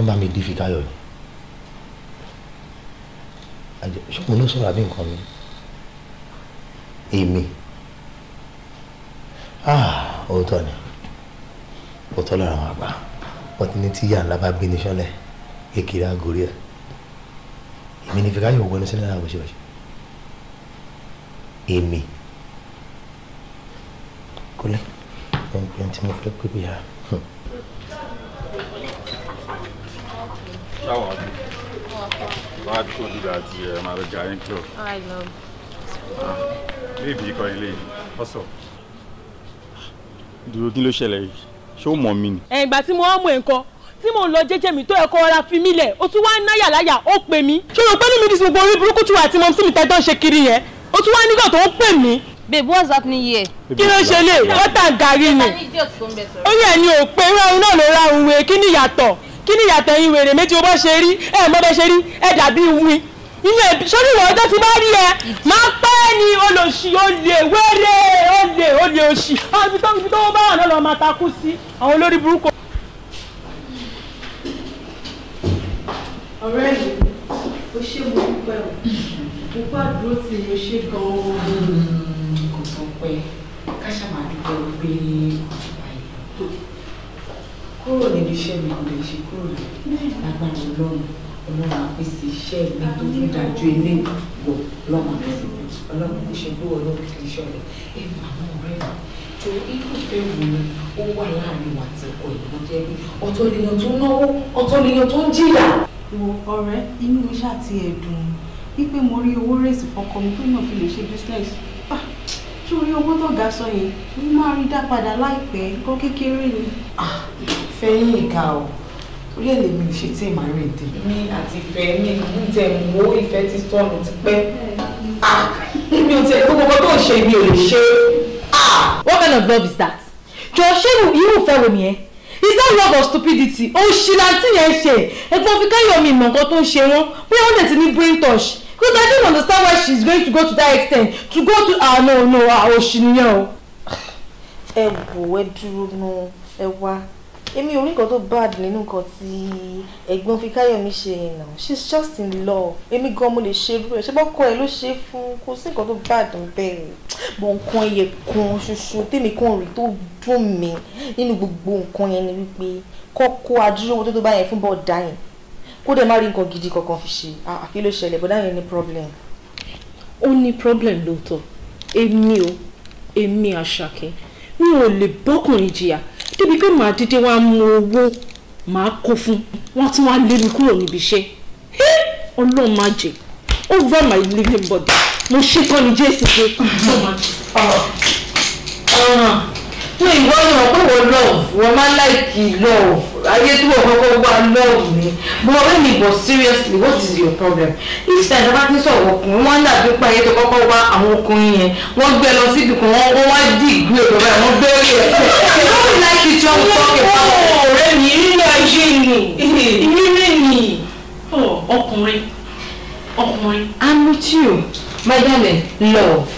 wọ́n bá mi di Fíkáyọ̀ ni ṣùgbọ́n ló sọ̀rọ̀ àbí nǹkan mi èmi ah, òótọ́ ni òótọ́ lára àwọn àgbà wọ́n ti ní tí yà ńlá bá bí ní sọ́lẹ̀ kékeré àgórí ẹ̀ èmi ni Fíkáyọ̀ wọnú sílẹ̀ náà bọ́sibọ́sì èmi kúlẹ̀ ẹni tí mo fẹ́ pépé yàrá. shower. But I told you that uh, I'm at a giant club. I know. Ah, baby, you can't leave. What's up? Dúró kí ló ṣẹlẹ̀ yìí? Ṣé o mọ̀ mí ni? Ẹ̀yìn ìgbà tí mo wá mú ẹ̀ ń kọ́, tí mò ń lọ jẹ́jẹ́ mi tó ẹ̀kọ́ ọ̀la fi mí lẹ̀, o tún wá ń náyà láyà, ó pè mí. Ṣé o gbé nínú ìdí gbogbo orí burúkú tí wà tí mo sì mi tẹ́tọ́ ṣe kiri yẹn? O tún wá nígbà tó ń pè mí. Babe, what's happening here? Kí ló ṣe lè? Wọ́tà gàrí ni. Orí ẹ̀ ni ò pé, irú ẹ̀rù náà ló ra òun wẹ̀, kí ni ìyàtọ̀? kí ni ìyàtọ̀ yín wèrè méjì o bá ṣe rí ẹ mọ́ bẹ́ ṣe rí ẹ dàbí wí ilé sórí ìwọ ọjọ́ ti bá rí ẹ máa pẹ́ ni olòṣì olè wéré olè olè òṣì ibi tó ibi bá wà lọ́lọ́ máa takú sí àwọn olórí burúkú. ọ̀rẹ́ mi ó ṣe mo dúpẹ́ o mo bá dúró tí mo ṣe gan-an. kò tó pẹ́ ká ṣàmà dúpẹ́ wípé kúrò níbi iṣẹ́ mi kò lè ṣe kúrò lágbára ọlọ́run ọlọ́run àpèsè iṣẹ́ mi tó tún dájú ilé wọ̀ lọ́mọ àpèsè ọlọ́run kò ṣe gbówó ọlọ́run kì í ṣọlẹ̀ ẹ fà mọ́ ọ̀rẹ́ rẹ̀ tó irúfẹ́ wo ni ó wà láàrin wa àti ọkọ ìlú jẹ́ pé ọ̀tọ̀ lèèyàn tó náwó ọ̀tọ̀ lèèyàn tó ń jìyà. wo ọ̀rẹ́ inú mi ṣáà ti wípé mo rí owó rèsì fọkọ mi tó yàn fi lè ṣe business sórí owó tó ga sọ yẹn mo máa rí dá padà láìpẹ́ nǹkan kékeré ni. Ah, fẹ́yìn ìka o orí ẹ̀ lèmi ò ṣe tí ì máa rí ìdè. mi àti ìfẹ́ mi ń tẹ̀ mọ́ ìfẹ́ ti sọnù ah, mi ò tẹ̀ gbogbo tó ṣe mi ò lè ṣe. Ah, what kind of love is that? jọ ṣé irú ìfẹ́ wo nìyẹn? is that love of stupidity? òṣìlá tí yẹn ṣe ẹ̀gbọ́n fi káyọ̀ mi mọ̀ nǹkan tó ń ṣe wọ́n bóyá wọ́n dẹ̀ ní brain touch because i don't understand why she's going to go to that extent to go to ah no no ah òṣì oh, nìyẹn o. ẹ [SIGHS] wò eh, ẹ dúró ná ẹ wá èmi ò rí nǹkan tó bad nínú nǹkan tí ẹ̀gbọ́n Fikáyọ̀mí ṣe yẹn náà she's just in love èmi gan mo lè ṣe irú ẹ̀ ṣé bọ́kọ ẹ̀ ló ṣe é fún kò sí nǹkan tó bad níbẹ̀ bọ̀ nǹkan ẹyẹ kan ṣoṣo tèmi kan rí tó dùn mí nínú gbogbo nǹkan yẹn ni wípé kọ́kọ́ adúrówó tó tó bá yẹn fún bọ́ọ̀dá yẹn kó dẹ̀ má rí nǹkan gidi kankan fi ṣe àkí ah, ah, ló ṣẹlẹ̀ bọ́dá yẹn ní problem. ó ní problem lóòótọ́ èmi o èmi àṣàkẹ́ mi ò lè bọ́kùnrin jìyà débi pé màá dídé wá mú owó màá kó fún wọn tún wá lé mi kúrò níbi iṣẹ́ ọlọ́run má jẹ́ over my living body mo ṣe kọ́ni jésù pé ọlọ́run má jẹ́ tó ìwọ náà pé wọ́n love wọ́n máa like love ayé tí wọ́n kọ́kọ́ wá love ni but wọ́n mi but seriously what is your problem if time tó bá ti sọ̀rọ̀ ọkùnrin wọ́n dàbí pé ayé tó kọ́kọ́ wá àwọn ọkùnrin yẹn wọ́n gbé lọ síbi kan wọ́n wọ́n wá dì ìgbé ọ̀dọ̀ rẹ̀ wọ́n bẹ́ẹ̀ rẹ̀ I don't like it young talk about ọ̀rẹ́ mi ilé ayé mi ilé mi ọkùnrin ọkùnrin. I'm with you my darling love.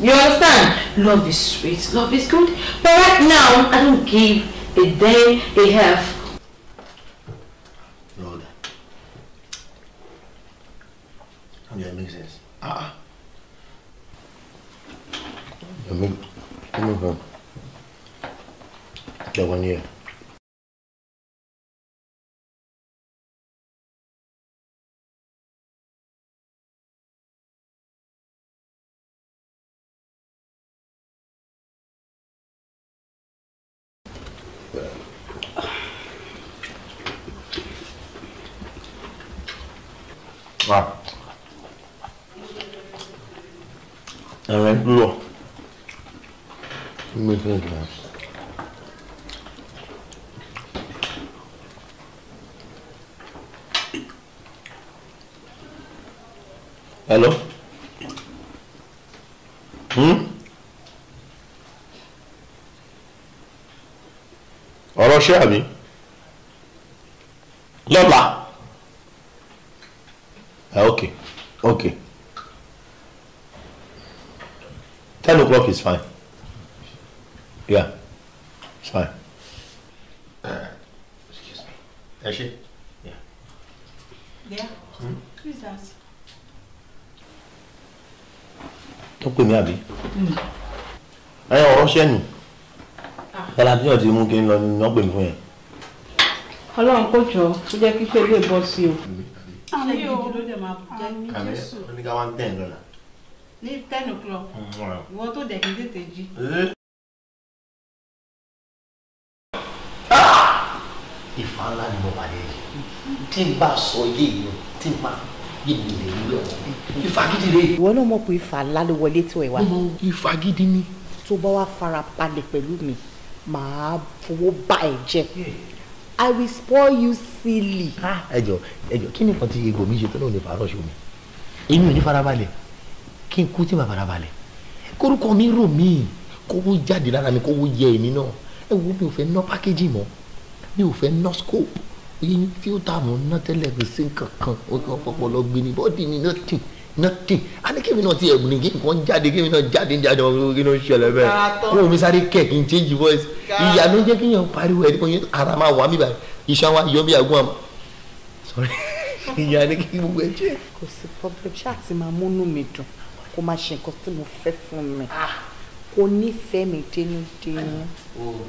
You understand? Love is sweet, love is good. But right now, I don't give a day a half. Lord. How do that make sense? Ah. Uh -uh. I mean, come on home. The one year. ẹ̀rọ ìgbúrọ̀ mílíọ̀nù náírà. Hello? Hmm? ọ̀rọ̀ ṣé àmì lọ́la. Ah, okay okay ten o'clock is fine yeah it's fine. Uh, excuse me. Is she? Yeah. Yeah. Hmm? is that? tó pè mí àbí. ẹ ọ̀rọ̀ ṣẹ́nu ah. yàrá tí wọ́n ti mú kí n lọ ní wọ́n pè mí fún yẹn. ọlọ́run kò jọ ó jẹ́ kí pẹ̀lú ìbọn sí o. àmì lè máa jẹ́ ah, ní jésù. kàmí oníkà one ten lọ́la. ní ten o'clock mm, ìwọ tó dẹ̀ kí n tètè jí. ìfà eh? ah! ńlá ni mo pàdé yìí tí n bá sọ yéèyàn tí n bá ìfagídí rẹ. ìwọ náà mọ̀ pé ìfà ńlá ló wọlé tó ẹ̀ wá. ìfagídí ni. tó bá wá fara balẹ̀ pẹ̀lú mi màá fowó bá ẹ jẹ I will spoil you silly. ẹ jọ ẹ jọ kí ni nǹkan tí egbò mi ṣe tó náà ò lè fàárọ̀ ṣo mi èmi ò ní farabalẹ̀ kí n kú tí màá farabalẹ̀ kórúkọ mi rò mí kówó jáde lára mi kówó yẹ èmi náà ẹ wo mi ò fẹ́ ná pákéjì mọ́ mi ò fẹ́ ná scope oyin fíltà mọ́ ná tẹ́lẹ̀ gbèsè kankan ó kàn fọpọlọ gbé ní bọ́ọ̀dì ní nothing nothing àní ah, kí ah, oh, mi náà ti ẹ̀gbìn kí nǹkan jáde kí mi náà jáde ní àjọ ọmọ kí náà ṣẹlẹ̀ bẹ́ẹ̀ kó omi sáré kẹ̀ kí n change voice ìyá ló jẹ́ kí yẹn pariwo ẹ̀ nípa yẹn ara máa wà mí báyìí iṣan wa yọ mí àgún àmọ́ sorry ìyá [LAUGHS] ni kí gbogbo ẹ jẹ́. kò sí problem ṣáà ti máa múnú mi dùn kó máa ṣe nǹkan tí mo fẹ́ fún mi ah. kò nífẹ̀ẹ́ mi dénúdénú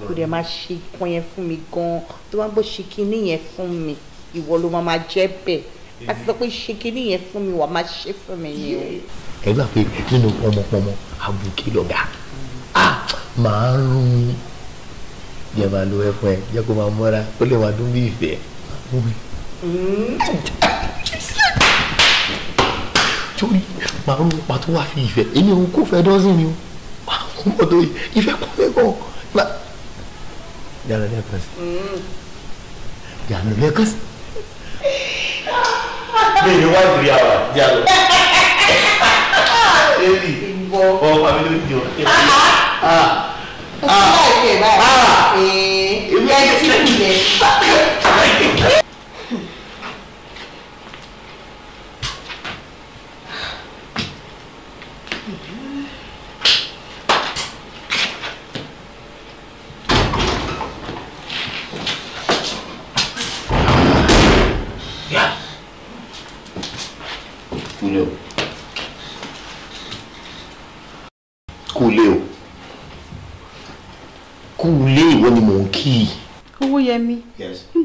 kò dẹ̀ máa ṣe nǹkan yẹn fún mi gan-an tó máa bó ṣe kinní yẹn fún mi ìwọ ló máa máa jẹ́ bẹ́ẹ̀ a ti sọ pé ṣe kinní yẹn fún mi wà máa ṣe fún mi ni o. ẹ gbà pé nínú pọmọpọmọ abuké lọgà máa ń rún jẹ máa lo ẹfun ẹ jẹ kó máa mọ́ra ó lè máa dún bí ìfẹ́. torí màá rún ipa tó wà fi ìfẹ́ èmi òun kò fẹ́ dọ́sìn ni o àwọn ọmọ tó yẹ ìfẹ́ kọ́ mẹ́kọ̀ọ́ yàrá lẹ́ẹ̀kan sí mm. yàrá lẹ́ẹ̀kan sí mi ni one three hours di alo eli ọ àmì ló di o eli. ẹ ti kú yẹn.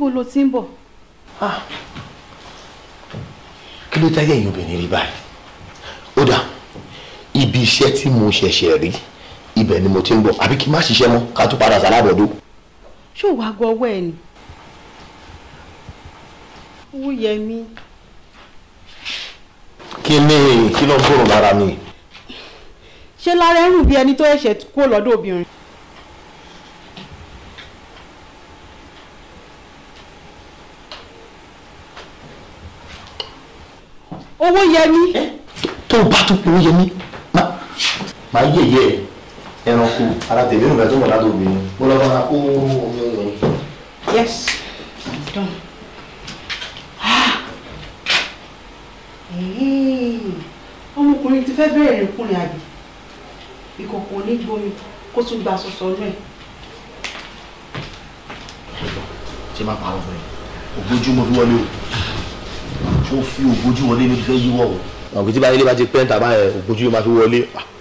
níbo lo ti ń bọ̀. Ah. kí ló táyé ẹ̀yin obìnrin rí báyìí ó dà ibi iṣẹ́ tí mo ṣẹ̀ṣẹ̀ rí ibẹ̀ ni mo ti ń bọ̀ àbí kí n má ṣiṣẹ́ mọ́ ká tún padà sàlábọ̀dọ̀. ṣó wàá gọ ọwọ́ ẹ ni. wúyẹmí. kí ni kí ló ń gbòòrùn lára mi. ṣé lára ẹrù bí ẹni tó ẹ̀ṣẹ̀ kó lọ́dọ̀ obìnrin. owó yẹmi. tó o bá tún owó yẹmi máa yẹ̀yẹ́ ẹranko ara tèmi nìkan tó mọ̀ ládùn obìnrin mo lọ fara kó omi ọyàn. yes i'm done. ah ọmọkùnrin ti fẹ́ bẹ̀rẹ̀ ìkùnrin àbí ìkọ̀kọ̀ onígbómi kó tún gba sọ̀sọ̀ ọdún ẹ̀. ṣé máa parọ́ fún ẹ ògbójúmọ́ bí wọlé o tó fi ògbójú wọlé ní fẹ́ yíwọ́ o. àwọn tí bá ilé bá ti pẹ́ńtà bá yẹn ògbójú yóò máa fi wọlé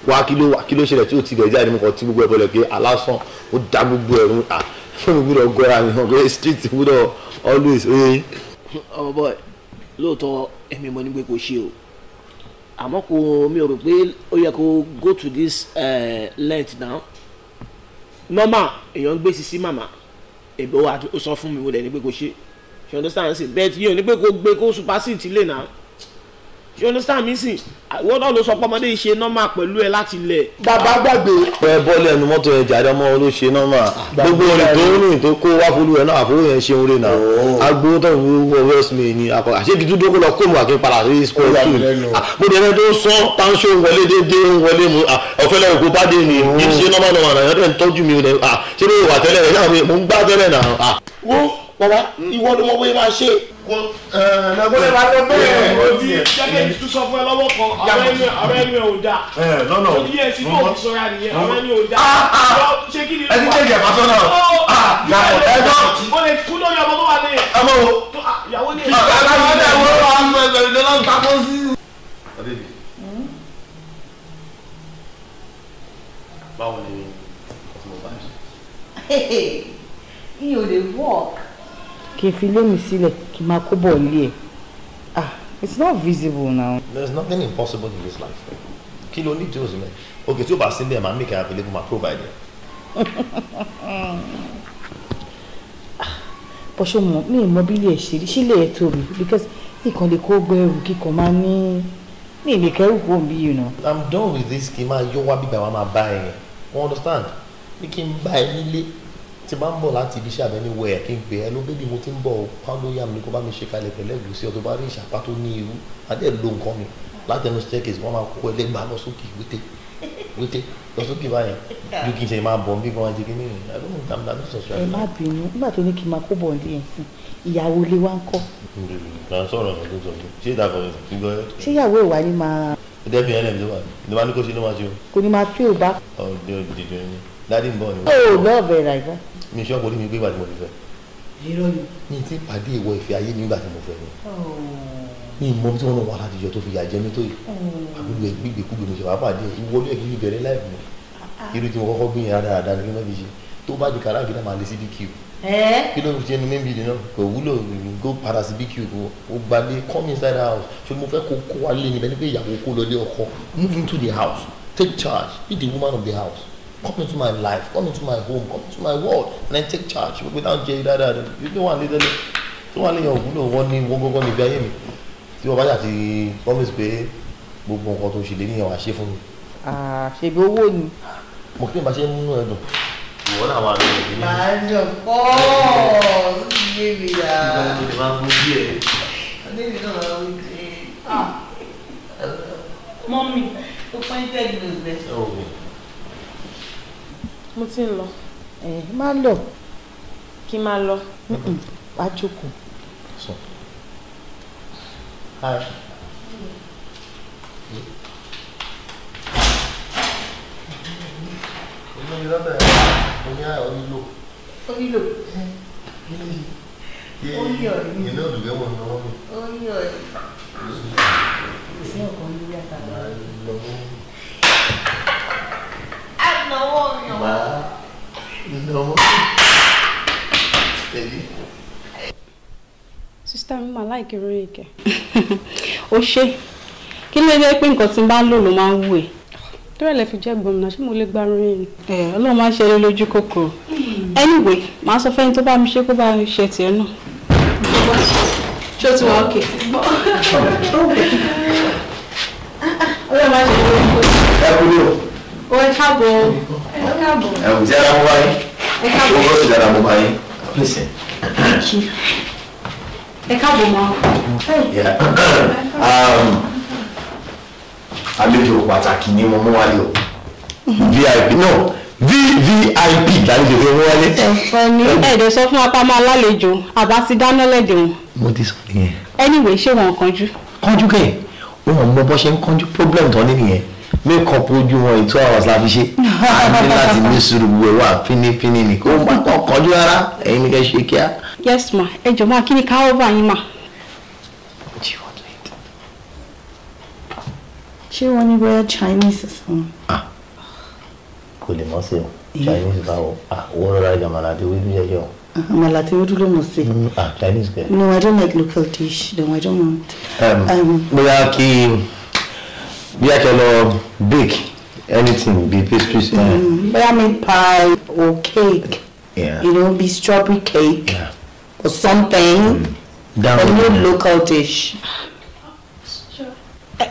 wá kí ló wá kí ló ṣẹlẹ̀ tí ó ti gẹ̀ẹ́jà ni mo kàn ti gbogbo ẹ̀ bọ̀lẹ̀ pé alásán ó dá gbogbo ẹ̀rù à fún mi gbúdọ̀ gọ́ra mi ọ̀gẹ́ street gbúdọ̀ always oye. ọmọ bọ lóòótọ́ èmi mọ nígbè kò ṣe o àmọ́ kò mi ò rò pé ó yẹ kó go to this uh, length now normal èèyàn ń gbé sisi màmá èbó wa ó sọ fún mi mo dẹ̀ nígbè kò ṣe you understand me but yìí ò ní pé kó gbé kó supersede ti lè náà you understand me sìn wọ́n náà ló sọ pé ọmọdé yìí ṣe nọ́mà pẹ̀lú ẹ láti lẹ̀. bàbá gbàgbé. ẹ bọ́ọ̀lù ẹnu mọ́tò ẹ jàdá ọmọ ló ṣe nọ́mà gbogbo rẹ̀ tó ń rìn tó kó wá fúlù ẹ náà àfọwọ́ yẹn ṣe ń rìn náà oh. agbóhùn tó ń wọ west main ni akọ àṣejì dúdú kó lọ kó mu àti padà sí sport two ah, mo dẹ̀ ẹni ah, oh. tó ń sọ ah, táńṣó ń wọlé dédé wọlé mu ọ̀fẹ́lẹ̀ òkú bàdé ni ṣe nọ́mà nọ́mà náà bàbá ìwọ ni mo wé máa ṣe. nàgbọ́n ìwà ló bẹ̀rẹ̀ o ti jẹ́kẹ́ ìtú sọ fún ẹ lọ́wọ́ kan ọ̀rẹ́ ẹni ò da lọ́nà o bí ẹsìn tó ń sọra nìyẹn ọ̀rẹ́ ẹni ò da ṣé kí ni. ẹni tẹ̀lé ẹ̀fà sọ́nà o na ẹ̀dọ́. o lè kú lórí ọmọ tó wà ní. ẹ mọ o. ìyàwó ni. ìgbà tó wà ní ẹ̀wọ̀n wa ń bẹ̀rẹ̀ ìdọ́lá ń takọ́ sí. báwo ni ọkùnrin bá ń ṣe. mi ò lè walk kí n fi ilé mi sílẹ̀ kí n máa kó bọ̀ ilé ẹ̀ ah it's not visible now. there is nothing impossible in this life kí ló ní tí o sì mẹ òkè tí o bá sí bẹ́ẹ̀ máa make it available máa provide it. [LAUGHS] bọ́sọ̀ mọ̀ mi ì mọ bí ilé ẹ̀ ṣe rí sílẹ̀ ẹ̀ tóbi because nìkan lè kó gbẹrù kíkan máa ní ní ìlè kẹrù kó bí yìí nà. i'm done with this kí n máa yọ wá bíbá wa máa bá ẹ yẹn you understand ní kí n bá ẹ nílé tí bá ń bọ̀ láti ibi iṣẹ́ àbẹ́ni wẹ̀ kí n pè ẹ́ ló bébí mo ti ń bọ̀ pálọ́ yá mi kó bá mi ṣe kalẹ̀ pẹ̀lú ẹ̀gúsí ọ̀tọ̀ bá rí ìṣàpá tó ní irú adé ló nǹkan mi láti ẹnu staircase wọ́n máa kó ẹlẹ́gbàá lọ sókè wété wété lọ sókè báyẹn ju kí n ṣe máa bọ̀ bí kan ti kíní ẹ̀ ló ń dàmdà ní sọ̀sọ̀ ẹ̀. ẹ má bínú nígbà tó ní kí n máa kó bọ̀ ní ẹ̀sìn ìyàwó ilé wa ń kọ́. ṣé ìyàwó ìwà ni máa. dẹ́bi mi ṣọ́ọ̀bù orí mi gbé ìgbà tí mo ti fẹ́. irọ́ ni. mi ti pàdé ìwọ ìfẹ́ ayé nígbà tí mo fẹ́ ni. Oh. mi mọ tí wọn lọ wà láti yọ tó fi yà jẹ mi tó yìí. Oh. àbúrò ẹ gbígbé kúgbé mi ṣe wàá pàdé ìwọlé ẹ kìí bẹ̀rẹ̀ láì mi. irú tí mo kọ́kọ́ gbìn yàrá dáadáa ni kí n má fi ṣe tó bá di kàrá àgbẹ̀dá máa lé sí bq eh? kí ló ń ṣe ní mímbìlì náà kò wúlò go padà sí bq o gbalẹ come inside the house ṣe mo fẹ́ kó kó wa lé níbẹ̀ nígbà ìyàwó kó lọ lé ọkọ move into the house take charge be the woman of the house come into my life come into my home come into my world and then take charge without jẹ dáadáa rẹ you know wà ní tẹ́lẹ̀ tó wà léyìn òwúlò wọn ní wọn gbọ́ngàn níbi ayé mi tí wọn bá yà ti promise pé gbogbo nǹkan tó ṣe lé níyàwó àṣẹ fún mi. ṣèbí owó ni. mo kí ni bá ṣe ń múnú ẹ dùn ìwọ náà wà lórí ìdílé. àjọ pọ̀ ṣe mi yà. ìgbà tó máa ń mú díẹ̀. adébí ah. náà máa ń di. mọ́mí ó pẹ́ ń tẹ́lẹ̀ lóṣù rẹ̀ mo ti ń lọ. ẹ má lọ. kí n máa lọ. wá jókòó. sọ. hi. olórí lọ́bẹ̀ bóyá onílò. onílò. oyin ọ̀rẹ́. ìlú òdùgbẹ́ wọn lọ́wọ́ mi. oyin ọ̀rẹ́. ìsìn ọkọ̀ onílé àtàwọn lọ́wọ́ yàn. máa lọ́wọ́ èyí. sista mi máa láì kiri ìkẹ́. ó [LAUGHS] ṣe kí ló jẹ́ pé nǹkan tí n bá lò ló máa ń wù ẹ́. tọ́rẹ̀ lè fi jẹ́ gbọ̀mùnà ṣé mo lè gba orin yìí. ẹ ọlọ́run máa ń ṣe lójú kòkòrò. anyway màá sọ fẹ́ni tó bá mi ṣe kó bá mi ṣe tiẹ̀ náà. ṣé o ti wà ókè. ọlọ́run máa ń ṣe lójú kòkòrò. ẹ kúrò o acabou acabou é o ẹ kò tí ara o kò tí ara mo bá yín please. ẹ káàbọ̀ mọ́. [COUGHS] Um, àlejò pàtàkì ni mo mú wálé o vip náà vvip lálejò fún wọn wálé. ẹ̀fọ́ ni ẹ̀dọ̀ sọ fún apá máa lálejò àbá ti dáná lẹ́dẹ̀ẹ́. mo ti sọ nìyẹn. anyway ṣé wọn kánjú. kánjú kẹ́ wọn ò mọ bó ṣe ń kánjú problem tó ní nìyẹn make up ojú wọn in two hours la fi ṣe àti láti ní sùúrù gbogbo wà fínífíní ni kó má kàn kánjú rárá ẹ̀yin ni kẹ́ ṣe kíá. yes ma ẹ jọ̀ọ́ máa kí ni ká ọ́fà yín mà. ṣé wọ́n ní bóyá chinese sàn. Ah. kò lè mọ̀ sí o chinese báwo ah, wọ́n rọra jàmàlà àti wíwú jẹjẹ o. Àmàlà tí odulo mo se. Mm, ah, Chinese girl. No, I don't like local dish. No, I don't want. Um, um, bóyá kí bí a kẹ lọ bake anything be pastry. pastries. Mm, eh? bóyá mi pie or cake yeah. you know be strawberry cake yeah. or something mm. or new local dish.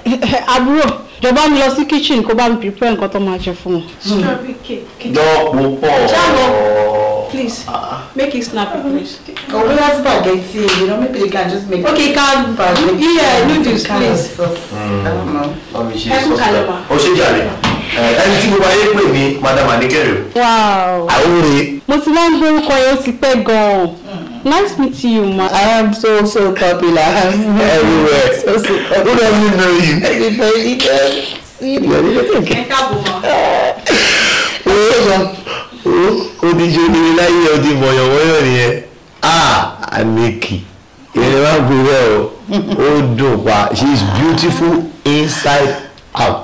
[LAUGHS] àbúrò jọba mi lọ sí kitchen kó bá mi prepare nǹkan tó máa jẹ fún wọn. strawberry cake. dọ́pọ̀ pọ̀ please. Uh, make it snappy, uh-huh. please. Oh, we have spaghetti. You know, maybe you can just make. Okay, can spaghetti. Yeah, noodles, please. Mm. I don't hmm. know. Oh, she's so clever. Oh, she's clever. ẹni tí gbogbo ayé pè ní madam anikere. wow àwòrán. mo ti máa ń gbórúkọ yẹn ó ti pẹ́ gan-an. Hmm. nice meet you ma. i am so so popular. everywhere so so popular. who don know you. everybody dey see me. ẹ káàbọ̀ mọ́ ó ti ṣe onírin láyé ó ti wọ̀yọ̀wọ̀yọ̀ nìyẹn aniki ìrìn máa ń gbé rẹ o ó dùn pa she is beautiful inside out.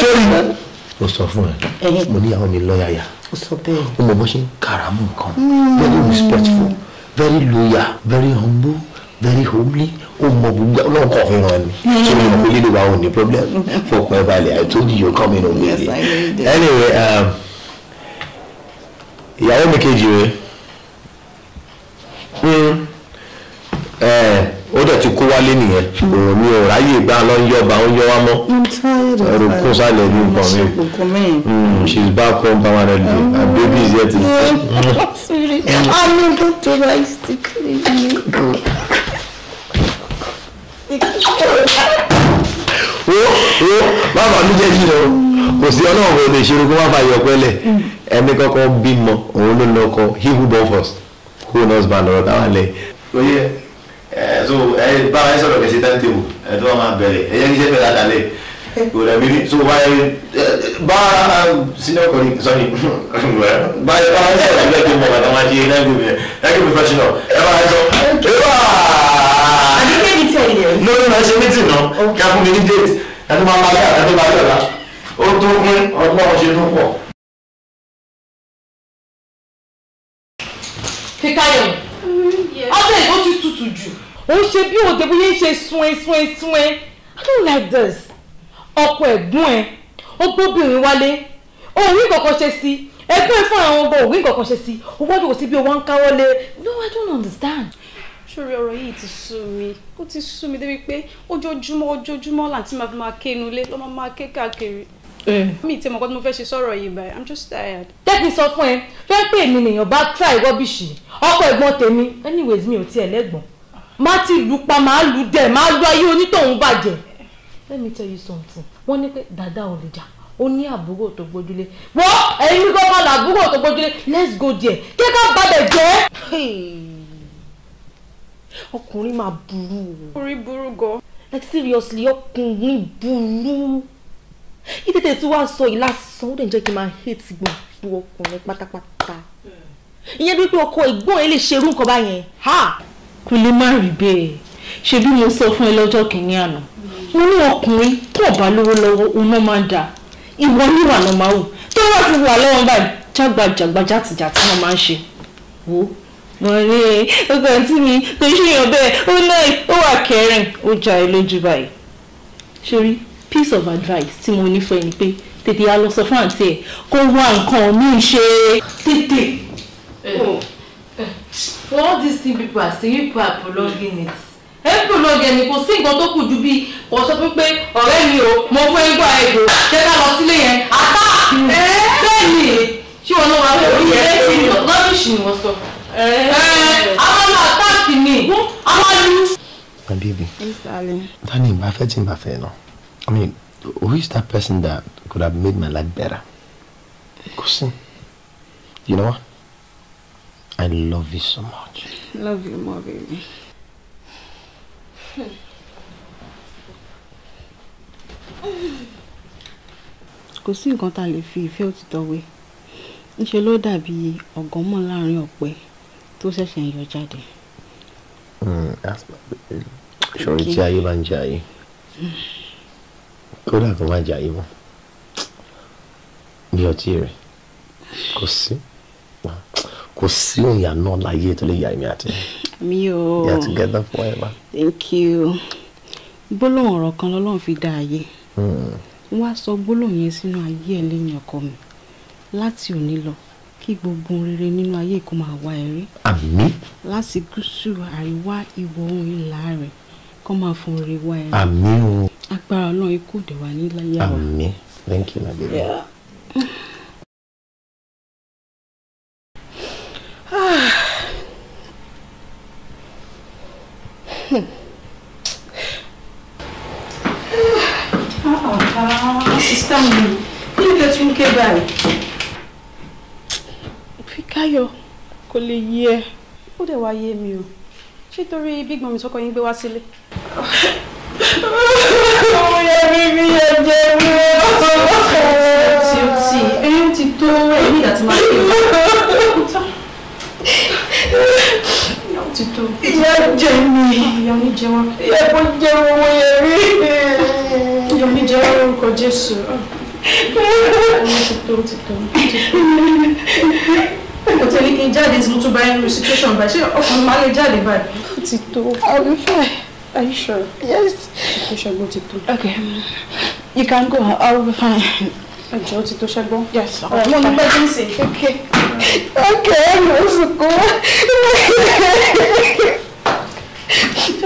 sori mo sọ fún ẹ mo ní àwọn mi lọ́yàyà mo mọ bó ṣe ń kàrà mú nǹkan hmm. very respectful very loyal very humble very homely ó mọ gbogbo ọlọ́run kọ̀ fún wọn ni so mi ò pé lílo wa ò ní problem mm. fọkàn ẹ balẹ̀ I told you you come in on me anyway um, ìyàwó mi kejì rẹ hmm, eh, ó dẹ̀ ti kó wálé nìyẹn mm. òun mi ò ráyè gbá lọ ń yọba ó ń yọ wá mọ́ ẹ̀rù kún sálẹ̀ ní nǹkan mi she is hmm, back home permanently mm. her baby is here to. I'm not going to rise to clean you. Hmm o o má bàa mi jẹ́ yìí lọ kò sí ọlọ́run kò lè ṣeré kó má bàa yọ pẹ́lẹ̀ ẹni kọ́kọ́ bímọ òun ló lọ kọ he who born first who knows man ọ̀rọ̀ táwọn lẹ. oye ẹ so ẹ bá wa sọ̀rọ̀ kẹsì tán tèmù ẹ tó wà máa bẹ̀rẹ̀ ẹ yẹ kí iṣẹ́ fẹ́ ládàlẹ̀ kò dẹ̀ mí so báyẹ bá um, senior colleague sorry [LAUGHS] báyẹ bá wa sọ̀rọ̀ kẹsì tán tèmù ọ̀gá tó máa ṣe ẹ náà gbé mi ẹ náà gbé mi fẹ́ ṣe ẹ bá wa sọ ẹ bá lórí náà ṣe mítì náà kí a fún mi ní déètì ẹni máa máa lé àtẹ́tẹ́ máa lọ́la ó tó pín ọgbọ́n ṣe tó pọ̀. kíkáyọ̀ ọbẹ̀ ìbò ti tutù jù. ó ṣe bí òde bóyá ṣe sun sun sun i don't like this ọkọ ẹ̀gbọ́n ẹ̀ ó gbóbìnrin wálé òun ní kankan ṣe sí ẹgbẹ́ fún àwọn ọgbọ́n òun ní kankan ṣe sí ó gbọ́dọ̀ kò sí bí owó ń káwọ́ lé no i don't understand sórí ọ̀rọ̀ yìí ti sú mi ó ti sú mi débi pé ojoojúmọ́ ojoojúmọ́ làǹtí máa fi máa ké inú ilé lọ́mọ máa ké káàkiri. mi ti mọ̀ pé mo fẹ́ ṣe sọ̀rọ̀ yìí báyìí i'm just tired. jẹ́ kí n sọ fún ẹ fẹ́ pé èmi nìyàn bá try rọ́bìṣì ọkọ ẹ̀gbọ́n tèmi anyways mi ò tiẹ̀ lẹ́gbọ̀n má ti lù pa má lù dẹ̀ má lù ayé onítọ̀hún bàjẹ́. let me tell you something wọ́n ní pé dàda ò lè jà ó ní àbúrò tó gbójúlé wọ́n ẹ̀yin gbọ́dọ̀ àbúrò tó gbójúlé there kí ọkùnrin máa burú o. orí burú gan. like seriously ọkùnrin burú ìtètè tí wàá sọ yìí lásán ó dẹ̀ ń jẹ́ kí n máa hate gbogbo ọkùnrin pátápátá ìyẹn bí pé ọkọ ìgbọ́n ẹ lè ṣerú nǹkan báyẹn. kò lè má rí bẹ́ẹ̀ ṣe bí mo sọ fún ẹ lọ́jọ́ kìíní àná mo ní ọkùnrin tó bá lówó lọ́wọ́ oná máa ń dà ìwọ níwà ló máa wù tó wà ti wà lọ́wọ́ báyìí jágbajàgba jàtìjàtì náà máa ń ṣe wò ó mọ̀rẹ́ ẹ ó gbà tí mi kò ṣèyàn bẹ́ẹ̀ ó náà ó wà kẹrin ó já ẹ lójú báyìí. sori piece of advice tí mo ní fún ẹ ni pé tètè a lọ sọ fún àǹtí ẹ kó wá nǹkan míì ṣe tètè. Eh, eh, eh. all these things people are saying people are prolonging it ẹ̀pù lọ́gẹ̀ ni kò sí nǹkan tó kù ju bí kò sọ fún pé ọ̀rẹ́ mi o mo fẹ́ gbọ́ ẹ̀gbò jẹ́ ká lọ sílé yẹn àtà hmm. bẹ́ẹ̀ ni ṣé wọn náà wà lórí ẹ̀ ṣe rọ́bìṣì ni wọ́n sọ. Eh, àwọn ọmọ àtàkì ni àwọn lu. my baby tani ìgbà fẹ́ tí n bá fẹ́ náà i mean who is that person that could have made my life better Cousin. you know what i love you so much. love you more baby. Hmm. kò tell nǹkan tá a it away." ìfẹ́ òtítọ́ wé ńṣe ló dàbí ọ̀gánmọ̀ láàrin ọ̀pẹ tó ṣẹ̀ṣẹ̀ ń yọ jáde. Hmm, ṣòro tí ayé bá ń jẹ ayé kódà kó má jẹ ayé mọ́ bí ọtí rẹ̀ kò sí kò sí òyà náà láyé tó lè yà mí àti. mi ò we are together forever. thank you gbólóhùn ọ̀rọ̀ kan lọ́lọ́run fi dá ayé hmm. wọ́n á sọ gbólóhùn yẹn sínú ayé ẹ̀ lẹ́yìn ọkọ mi láti òní lọ kí gbogbo rere nínú ayé kó máa wá ẹ rí. àmín. láti gúúsù àríwá ìwọ̀ oòrùn ìlà rẹ̀ kó máa fún rere wá ẹ rí. àmín o. agbára ọlọ́run ikú òde wà ní láyé wa. àmín thank you my baby. Yeah. Sísítà [SIGHS] ah. ah, ah, mi, kí ló tún ké báyìí? Fíkáyọ̀ kò lè yé ẹ. ó dẹ̀ wá yé mi o ṣé torí bígbọ́n mi tọkọ yín gbé wá sílé. ọmọ yẹn mi mi yẹ jẹ mi o. ti o ti ẹyin ti tó ẹyin ìgbà tí máa ń gbé ìyàwó ti tó. ìyá jẹ mi. ìyá mi jẹ wọn. ìyá kò jẹ ọmọ yẹn rí. ìyá mi jẹ wọn orúkọ Jésù. ọmọ ti tó ti tó ti tó tẹ̀lé kí n jáde tí mo tún bá irú situation báyìí ṣé ọkùnrin máa lè jáde báyìí. ó ti tó i'm fine are you sure. yes. ti tó ṣẹ́gun ti tó. okay you can go i will be fine. ẹjọ́ ó ti tó ṣẹ́gun. yes ọ̀rọ̀ mo ní bẹ́ẹ̀ tí ń sè. okay okay mo sunkún.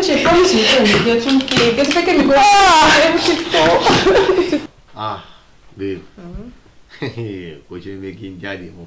ṣe promise mi pé mi jẹ tún kí ebi ẹsẹ kékeré mi kó ẹbí ah! ti tó. ah babe [LAUGHS] kò ṣe é mé kí n jáde mọ́.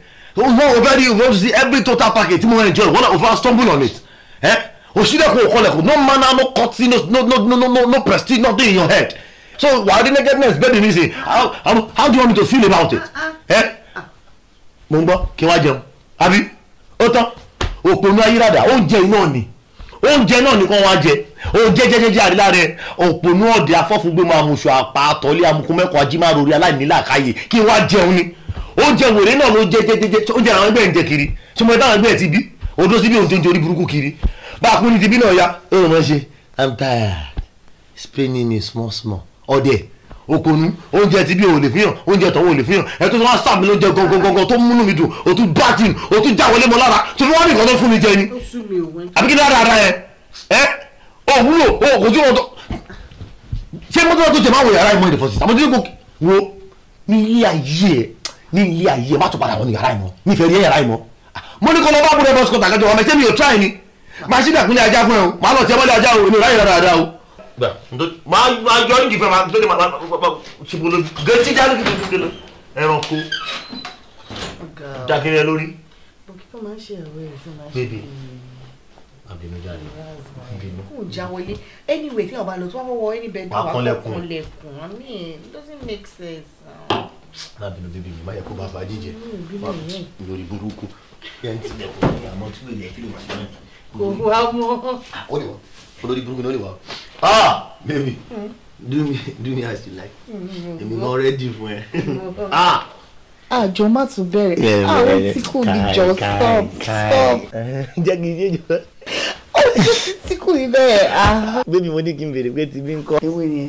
one over you want to see every total package tí mo enjoy one over stumble on it eh? òṣìlẹ̀kùn òkọlẹ̀kùn no manner no cutty no, no, no, no, no, no prestige nothing in your head so wàá dín nakedness bẹ́ẹ̀ ni mi sè how how do you want me to feel about it eh? mo ń gbọ́ kí wá jẹun àbí ó tán òpònú ayírádà oúnjẹ náà ni oúnjẹ náà ni kán wá jẹ oúnjẹ jẹjẹjẹ àrílá rẹ òpònú ọ̀dẹ afọ́fúngbé máa mú aṣọ àpá àtọ́lé amukú mẹ́kọ̀ọ́ ajímárò orí aláìníláàkáyè kí wá jẹun ni oúnjẹ wèrè náà ló jẹ jẹjẹjẹ oúnjẹ àwọn ẹgbẹ́ ń jẹ kiri ṣùgbọ́n táwọn ẹgbẹ́ ti bí odó síbi òun ti ń jẹ orí burúkú kiri bá a kún ní ti bí náà ya ẹ̀rọ mọ̀ ṣe i'm tired spinning me small small ọ̀dẹ̀ okonu oúnjẹ ti bí o lè fihàn oúnjẹ tọwọ́ o lè fihàn ẹ tó tún wá sàmì lóúnjẹ gangan tó múnú mi dùn o tún bátìn o tún já wọlé mọ lára tó tún wá nìkan tó fún mi jẹ ni àbí kí lára ara ẹ ẹ òwúrò o kò tí wọn tó ṣé mọ́tò náà tó jẹ máa wọ yàrá ìmọ̀ ìdẹ̀fọ́sí àmọ́ tí kò wo ní ilé ayé ẹ ní ilé ayé má tún padà wọnú yàrá ìmọ̀ nífẹ̀ẹ́ rí yàrá ìmọ̀ mo ní kọ́ lọ bá búrẹ́ bọ́sùkọ́ tàgẹ́jọ ọmọ ẹ̀ṣẹ́ mi ò tíráì ni màá sí dàkúnlé ajá fún ẹ o màá lọ sí ẹmọ́lé ajá o èmi ò ráyè rárá o. máa yọ ọ́ nìfẹ́ máa tó ní máa ṣubúlọ gẹ́tí jáde kìkìkìkì ẹranko dákìrì ẹ lórí. bébì àbínú jáde bínú. kò jáwọlé anyway tí a bá lọ tí wọn fọwọ́ ẹni bẹ́ẹ̀ dùn wà kọ́kọ́ lẹ̀kùn I mean it doesn't make sense má bínú bíbí mi má yẹ kó bá fa jíjẹ lórí burúkú yẹn ti lẹ kó ní àmọ́ tí lè fi wà náà. kò wá mọ́. ó lè wá olórí burúkú náà lè wá ah baby hmm. do me do me as you like hmm, hmm, èmi náà rẹ́dì fún ẹ ah àjọ má tún bẹ̀rẹ̀ àwọn tí kò ní jọ stop stop. [LAUGHS] jẹ́ kí n ṣe jọ. ó ti tí kò ní bẹ́ẹ̀. Ah. bébí mo ní kí n béèrè pé tibí ń kọ́. ewo ni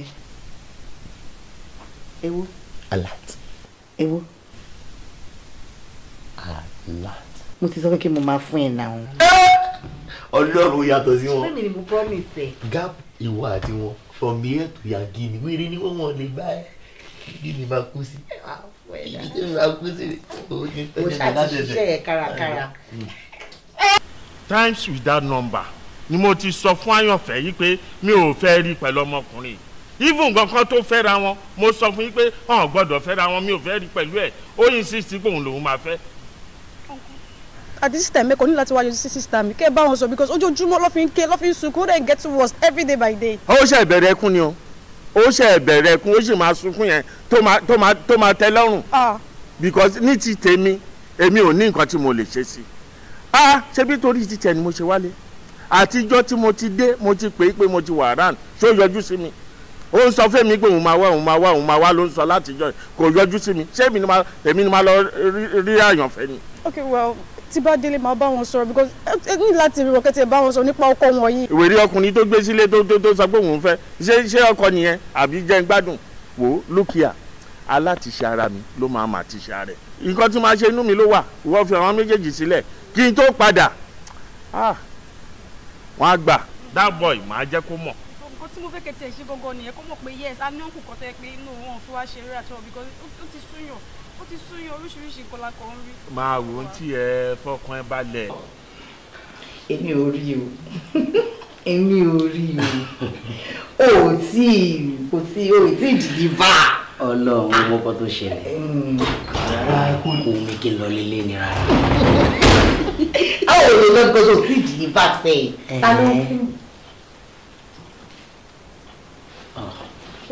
ẹ ewo. ala ewo. lot. mo ti sọ pé kí mo máa fún ẹ náà. ọlọ́run yàtọ̀ sí wọn. fẹ́mi ni mo promise ẹ. gap ìwọ àti wọn from here to yagini wíri ni wọ́n wọ́n lè gbá ẹ kí ni máa kú sí. ibi tí mo máa kú sí ni. mo ṣàtúnṣe ẹ kárakára. times without number ni mo ti sọ fún àyànfẹ́ yìí pé mi ò fẹ́ rí pẹ̀lú ọmọkùnrin yìí even kankan tó fẹ́ra wọn mo sọ fún yín pé ọ̀n gbọ́dọ̀ fẹ́ra wọn mi ò fẹ́ rí pẹ̀lú ẹ̀ ó yín sí sí pòun lòun máa fẹ́. àti sísítà mi kò ní láti wáyé sí sísítà mi kẹ́ bá wọn sọ because ojoojúmọ́ ló fi ń ké ló fi ń sunkún then get worse every day by day. ó ṣe ìbẹ̀rẹ̀ ẹkún ni o ó ṣe ìbẹ̀rẹ̀ ẹkún ó sì máa sunkún yẹn tó máa tẹ́ lọ́rùn ah. because ní ti tèmi èmi ò ní nǹkan tí mo lè ṣe sí ah ṣebí torí ti tẹ̀ ni mo ṣe wálé àtijọ́ tí mo ti dé mo ti pè é pé mo ti wà rán ṣó yọjú sí mi ó ń sọ fẹ́mi pé òun máa wá òun máa wá òun máa wá ló ń sọ látijọ́ kò yọjú sí mi ṣé èmi ni máa lọ rí àyànfẹ́ ni. okay well tí bá délé máa bá wọn sọ̀rọ̀ because ẹ ní láti rí rọkẹtì ẹ bá wọn sọ nípa ọkọ wọn yìí. ìwèrè ọkùnrin tó gbé sílé tó tó tó sọ pé òun fẹ́ ṣé ṣé ọkọ nìyẹn àbí jẹ́ ń gbádùn wò ó lókìá alátiṣe ara mi ló máa mà tiṣe ara ẹ nǹkan tí máa ṣe inú mi ló wà ìwọ fi àwọn méjèèjì sílẹ̀ kí n tó padà ah, wọ́n á gbà that boy máa jẹ́ kó mọ̀ tí mo fẹ́ kẹtì ẹ̀ ṣe gangan nìyẹn kó mọ̀ pé yes a ní òǹkù kan tẹ́ pé inú wọn fi wá ṣe eré àtọ́ because ó ti súyàn ó ti súyàn oríṣiríṣi nǹkan la kàn ń rí. máa wò ó tí ẹ fọkàn ẹ balẹ̀. èmi ò rí o [LAUGHS] èmi ò rí o ò tí kò tí ò tí dìdí bá. ọlọ́run mo kọ tó ṣẹlẹ̀ hmm. rárá kò ní kí n lọ lélẹ ni rárá. [LAUGHS] a ò lè lọ gbọ́dọ̀ tí dìdí bá sẹ́yìn ta ló ń kú.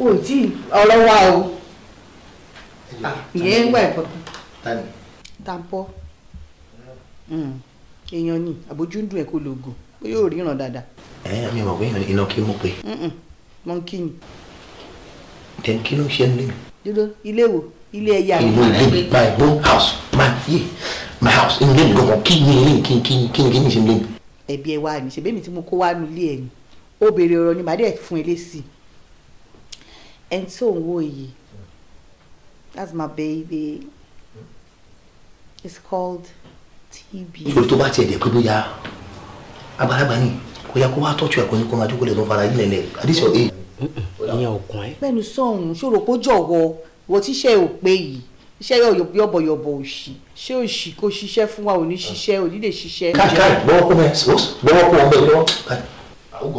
o tí ọ̀rọ̀ wa o ah, ìyẹn ń gbà ìfọ̀kàn. tàǹpọ̀ hmm. èèyàn ni àbójú ń dùn ẹ̀ kó lo oògùn pé yóò ríran dáadáa. ẹ ẹ mi ò mọ̀ pé iná kí mo pe. mọ́ńkì ni. then kí ló ń ṣe nílé dúró ilé wo ilé ẹ̀yà mi. ilé mi my own house my ye my house inú ilé mi gbọ̀ngàn kí ni ilé mi kí ni kí ni kí ni kí ni ṣe nílé mi. ẹbí ẹ wá ní ṣe bẹ́ẹ̀ mi tí mo kó wá nílé ẹ ni ó béèrè ọ̀rọ̀ ni màá dẹ̀ fún ẹ lé sí i. And so we. that's my baby it's called TB. You to ya. ìlú tó bá tiẹ̀ dẹ̀ pé bóyá àgbàlagbà ni kò yẹ kó wá tọ́jú ẹ̀kọ́ ní kó máa jókòó lè tó fara yín lẹ́lẹ̀ àdísọ̀ ẹ̀. ìyẹn ọkàn ẹ. bẹ́ẹ̀ni sọhùn ṣòro kó jọ̀wọ́ wọ tíṣẹ ò pé yìí iṣẹ́ yọ̀bọ̀yọ̀bọ̀ òṣì ṣé òṣì kò ṣiṣẹ́ fún wa ò ní ṣiṣẹ́ ò ní lè ṣiṣẹ́. káàkiri gbọ́wọ́ kó mẹ́ gbọ́wọ́ kó mẹ́ gbọ́wọ́.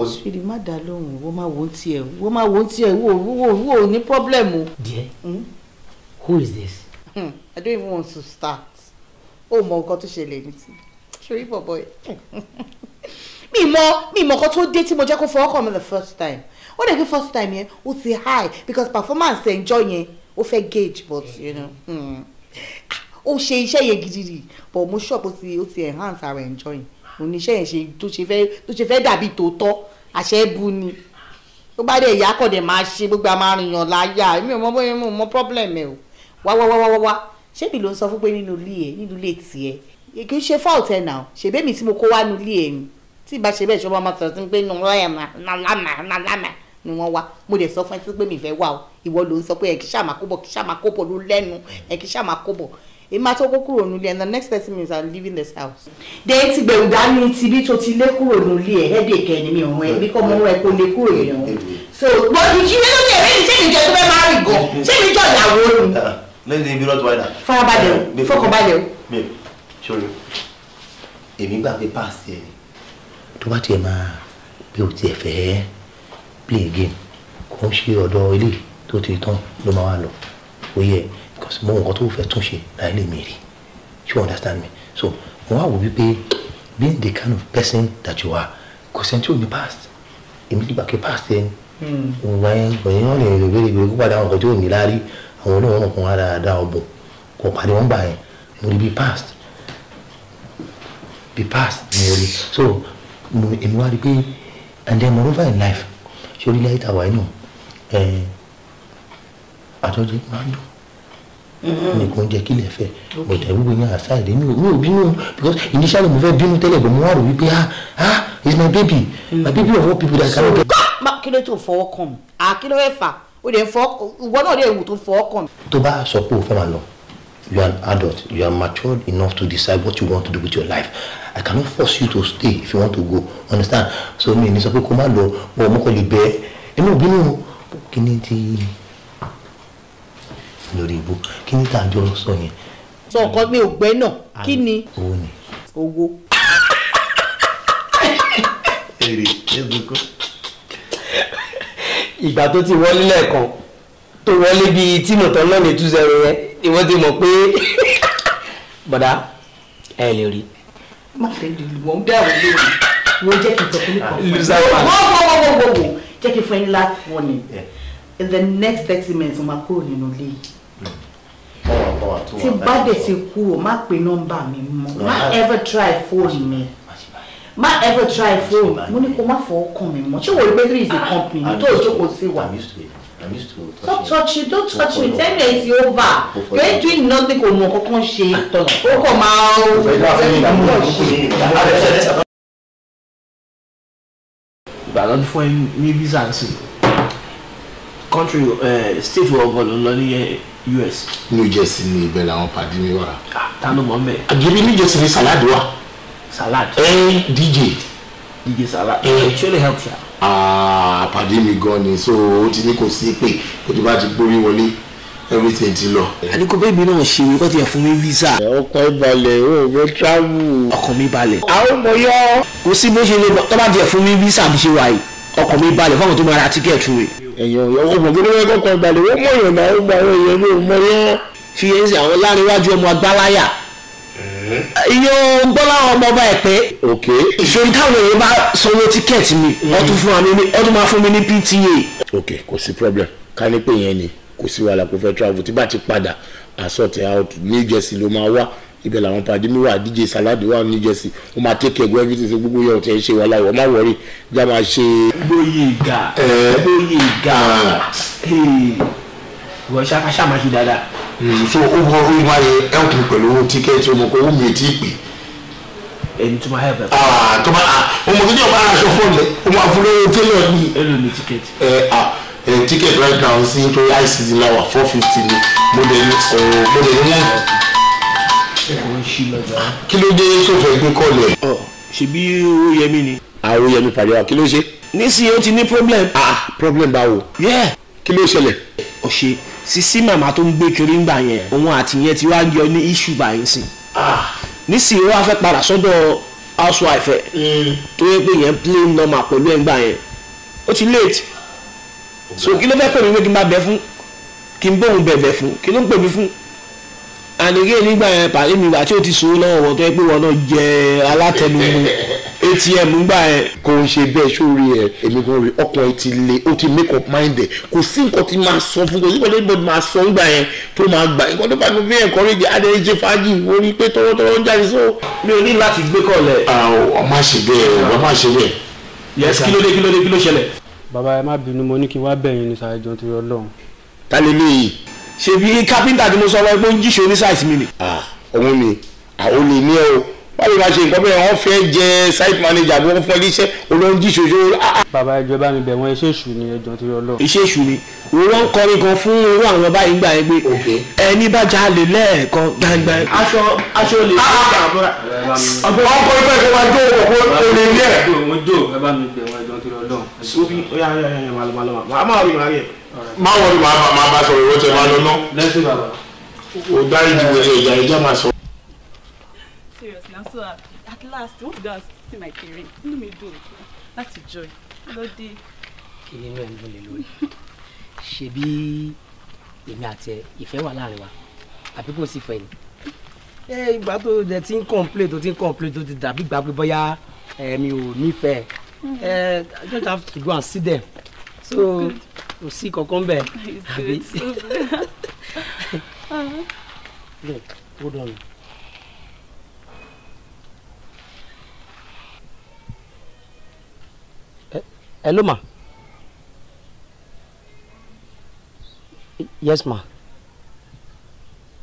Sweetie, má dá lóhùn, wọ́n máa wọ́n tiẹ̀, wọ́n máa wọ́n tiẹ̀, wò wò ní problem o. Dear, hmm? who is this? Hmm, I don't even want to start. Ó mọ nǹkan tó ṣẹlẹ̀ ní ti. Ṣorí bọ̀bọ̀ yìí. [LAUGHS] Mi mọ mi mọ nǹkan tó dé tí mo jẹ́ kó fọwọ́ kàn mí the first time. Ó dẹ̀ kí first time yẹn ó ti high because performance ẹ̀ ń jọ yẹn ó fẹ́ gauge but you know. Hmm. Ah, ó ṣe iṣẹ́ yẹn gidigidi but mo ṣọ́ọ̀bù ó ti enhance our enjoying oníṣẹ́ yẹn ṣe tó ṣe fẹ́ tó ṣe fẹ́ dàbí tòótọ́ àṣẹ bu ni tó bá dẹ̀ ìyá kọ̀ máa ṣe gbogbo amárìyàn láyà èmi ò mọ bóyá mo mọ problem ẹ o wá wá wá wá wá ṣé mi ló ń sọ fún pé nínú ilé ẹ nínú ilé tiẹ̀ kì í ṣe fault ẹ nà ṣèbí mi tí mo kó wá nínú ilé ẹ ni tí ìbá ṣe bẹ́ẹ̀ ṣọba máa sọ̀rọ̀ sí pé nù lọ́yà náà lánà ni wọ́n wá mo dẹ̀ sọ fún ẹ sí pé mi fẹ́ wá o ìwọ ló ń sọ pé ẹ kì í ṣàmà kóbọ̀ kì í ṣàmà kóbọ̀ ló lẹ́nu ẹ kì í ṣàmà kóbọ̀ èmi máa tó kó kúrò nílé and the next thirty minutes i'm leaving this house. dé ti gbẹ̀rù dání ti bí tó ti lé kúrò nílé ẹ̀ ẹ̀dẹ̀ kẹ́ni mi ọ̀hún ẹ̀ bí kò mú ẹ kó lé kúrò yẹn o. so gbọ́dọ̀ kí ló lè rí ṣé mi jẹ́ tó fẹ́ máa rìn gan ṣé mi jọ ìyàwó ni. lẹ́yìn ibi rọ́ọ̀tù wáyà. farabalẹ̀ o uh, fọkànbalẹ̀ o. babe sorry èmi gbà pé pass ẹ tó bá tiẹ̀ máa bí o tiẹ̀ fẹ́ play game kò ń ṣe ọ̀dọ̀ ilé tó ti tán ló máa wà lọ òye ẹ̀ because mo nǹkan tó fẹ́ tún ṣe láì lè mí you understand me so mo wá wò wípé being the kind of person that you are kò sẹ́ni tí ò ní past èmi nígbà kí past ẹ òun wáyé òyìn wọn lè rè wéré wéré kó padà àwọn nǹkan tí ò ní láárí àwọn oníwọ̀n wọn kàn wá dáadáa ọ̀bùn kò pàdé wọn gbà yẹn mo rí bí past bí past mo rí so èmi wá rí pé and then moreover in life ṣé orílẹ̀ ayé tàwa yìí nù eh, àjọjọ máa ń dùn nìkan jẹ́ kílẹ̀ fẹ́ bọ̀dà wíwo yẹn àṣàyè mi ò mi ò bínú because initially mo fẹ́ bínú tẹ́lẹ̀ but mo wá rò wípé ah ah is my baby my baby of all people that cannot get. kí ló tó fọwọ́ kàn mí à kí ló fẹ́ fà ó lè fọ ìwọ náà lè wù tó fọwọ́ kàn mí. tó bá sọ pé o fẹ́ máa lọ you are an adult you are matured enough to decide what you want to do with your life i cannot force you to stay if you want to go understand so mi ní sọ pé kó má lọ bọ̀ ọmọkùnrin bẹ́ẹ̀ inú bínú kí ni ti lórí ibú kí ni tàǹjọ sọ yẹn. sọ ọkọ mi ò gbẹ náà kí ni. owó ni. owó. èrè ebuku. ìgbà tó ti wọlé lẹ́ẹ̀kan tó wọlé bíi tìmọ̀ tán náà ní two zero yẹn ni wọ́n ti mọ̀ pé [LAUGHS] bọ̀dá ẹ lè rí. má fẹ́ lulu wọn dáhùn lórí wọn jẹ́ kí n sọ fún fún mi. wọ́n wọ́n wọ́n wọ́n jẹ́ kí n fún ẹ ní in the next thirty minutes mo máa kúrò nínú ilé yìí nọ́mbà wa tó wà. tí bá dẹ̀ ti kúrò má pe nọ́mbà mi mọ́ má ever try phone mi má ever try phone mo ní kó má fọwọ́ kàn mí mọ́ ṣé wò ó gbé three is a company tó o jókòó sí wa. I'm used to touching. Stop touching, don't touch me. Tell me it's over. You ain't doing nothing kò mọ̀ kankan ṣe tọ̀nà. Ó kọ̀ máa ó. Ìbàdàn fún ẹ ní visa sí. Country eh, state wọ̀ ọ̀gọ̀ lọ ní US. New Jersey ni ibẹ̀ làwọn pàdé mi wà. Ah, tanu mọ̀ mẹ́. àgbẹ̀bí New Jersey ni salad wa. salad. ẹ DJ. DJ salad. ẹ ṣé lè ya. ṣá. Ah, pàdé mi gan ni so ó ti ní kò sí pé kò tó bá ti gbórí wọlé everything ti lọ. àdìkò bẹ́ẹ̀ mi náà ṣe wípé ti ẹ̀ fún mi visa. ọkàn ìbalẹ̀ o mo travel. ọkàn mi balẹ̀. àwọn ọmọ yọ. kò sí bó ṣe lè tọ́ bá ti ẹ̀ fún mi visa bí ṣe wà yìí ọkàn mi balẹ̀ fún àwọn tó máa ra tíkẹ́ẹ̀tì rẹ̀ ẹ̀yàn ọ̀yọ́ ọmọ gbogbo ẹgbẹ́ kan gbalẹ̀ wọ́n mọ̀ yàn náà gba àwọn èèyàn ní òmọ yán fi yẹn sí àwọn láríwájú ọmọ agbáláyà iye gbọ́lá ọmọ ọba ẹ̀ pé ìṣòro táwọn èèyàn bá sanwó tíkẹ́ẹ̀tì mi mm-hmm. wọ́n tún fún mi wọ́n tún máa fún mi ní PTA. ok kò sí problem ká ní pé yẹn ni kò sí wàhálà kò fẹ́ travel tí bá ti padà àsọ̀tẹ̀ out ní ìjẹsìn ló máa wá ibẹ̀ làwọn pàdé mi wà DJ Salad wà ní jẹ́sì ó máa take ẹ̀gbọ́n everything ṣe gbogbo yẹn ọ̀tẹ̀ ṣe wàhálà ìwọ má wọrí já máa ṣe. lóye ìgà lóye ìgà ìwọ ṣáṣá máa ṣe dáadáa. Hmm. so ó mọ ó máa yẹ help me pẹ̀lú tíkẹ́ẹ̀tì ọmọ kò ó mi ò tí ì pè. ẹni tó máa help ẹ. Ah, tó máa ọmọ ah, tó jẹ́ ọmọ aṣọ fọ́ọ̀lẹ̀ ó máa fún lórí tẹ́lẹ̀ ní. ẹ lò ní tíkẹ́ẹ̀tì ticket right now sí nítorí high season four fifty ni mo dẹ̀ ní oh, mo dẹ̀ ní one ń ṣí lọ́jà. kí ló dé tó fẹ́ gbé kọ́lẹ̀. ọ ṣebí ó yẹ ni. àrò yẹ mi pàdé wa kí ló ṣe. nísìnyí ó ti ní problem. ah, ah problem báwo. yẹ. kí ló ṣẹlẹ̀. ọ̀ṣẹ́ sisi màmá tó ń gbé kiri ń gbà yẹn òun àti yẹn ti wá yọ ní issue báyìí sìn. ah nísìnyí wàá fẹ́ padà sọ́dọ̀ housewife ẹ̀ hmm. tó yẹ pé yẹn play normal pẹ̀lú ẹ̀ ń gbà yẹn ó ti late so kí ló fẹ́ pè mí pé kí n bá bẹ fún kí n bóun bẹ̀bẹ̀ fún kí ló ń pè mí fún àníkè nígbà yẹn pàdé mi gbà tí ó ti sòwò lọ́wọ́ wọ́n tó yẹ pé wọ́n náà jẹ alátẹnumọ́ atm gbà yẹn. kò ń ṣe bẹ́ẹ̀ sórí ẹ̀ èmi gan rí ọkàn ẹ ti le ó ti make up mind ẹ̀ kò sí nǹkan tí máa sọ fún kò sí nǹkan tí bọ́dì máa sọ ńgbà yẹn tó máa gbà nǹkan tó bá mi fi ẹ̀kọ́ rí di adéyẹjẹ fàájì orí pé tọwọ́tọwọ́ ń jáde sóò. mi ò ní láti gbé kọlẹ̀. ọ má ṣe bẹ́ẹ̀ ọ má ṣe bẹ́ẹ̀. yes kí ló dé kí ló dé kí ló ṣẹlẹ̀. bàbá ẹ má bínú mo ní kí n wá bẹ̀yìn ní sàájọ́ torí ọlọ́run. ta lè léyìí ṣèbí kápẹ́ńtà tí mo sọ wọ́n pé ó ń jíṣe oníṣàìsí mi ni. ọ̀hún mi àwọn olè ní ẹ o báwo la ṣe nǹkan bẹ́ẹ̀ wọ́n fẹ́ jẹ site manager bí wọ́n fún iléeṣẹ́ olóńjì ṣoṣo. bàbá ẹjọ bá mi bẹ̀ wọ́n iṣẹ́ èṣù ni ẹjọ́ ti lọ. iṣẹ́ èṣù ni òun ń kọrin kan fún irú àwọn báyìí gbà yẹn pé ẹni bá já lè lẹ́ẹ̀kan gbangba. aṣọ aṣọ lè fi ìgbà àbúrà. ọkọ ìfẹ́ ìfẹ́ máa jó òkú olè ní ẹ̀. ẹ bá mi bẹ̀ wọ́n ẹjọ́ ti lọ lọ má wọlé máa bá máa bá sọ̀rọ̀ ìwọ́n tẹ̀ máa lọ ná. lẹ́sìn bàbá. o dárí ju wẹ̀rẹ̀ ìyá ìjà máa sọ. seriously i'm so happy uh, at last i want to go and see my parents inú mi dùn láti joy lóde. kí ni inú ẹ̀ ń dùn lé lórí ṣebí èmi àti ìfẹ́ wà láàrin wa àbí kò sí fẹ́ ni. ẹ ìgbà tó dẹ̀ ti ń kọ̀ǹplé tó ti ń kọ̀ǹplé tó ti dàbí gbà pé bóyá mi ò nífẹ̀ẹ́ mm-hmm. ẹ i just have to go and see them so kò sí kankan bẹ́ẹ̀ àbí. look hold on. Eh, hello ma. yes ma.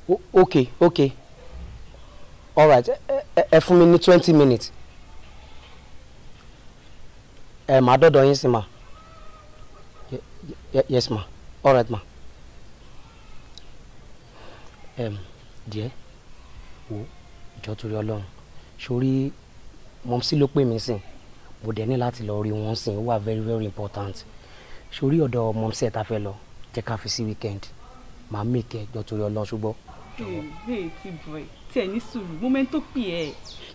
O okay okay all right ẹ eh, eh, fún mi ní twenty minutes ẹ máa dọ́dọ̀ yín sí ma. Ye yes, ma. All right, ma. Um, dear, wo ìjọ torí ọlọ́run sórí mọ̀mísí ló pè mí sìn mo dẹ̀ ní láti lọ rí wọn sìn ó are very very important sórí ọ̀dọ̀ mọ̀mísí ẹ̀ tá fẹ́ lọ jẹ́ ká fi sí weekend màá make ìjọ torí ọlọ́run ṣùgbọ́n. bẹ́ẹ̀ bẹ́ẹ̀ ti bọ̀ ẹ́ tiẹ̀ ní sùúrù mọ́mẹ́ntò pì ẹ́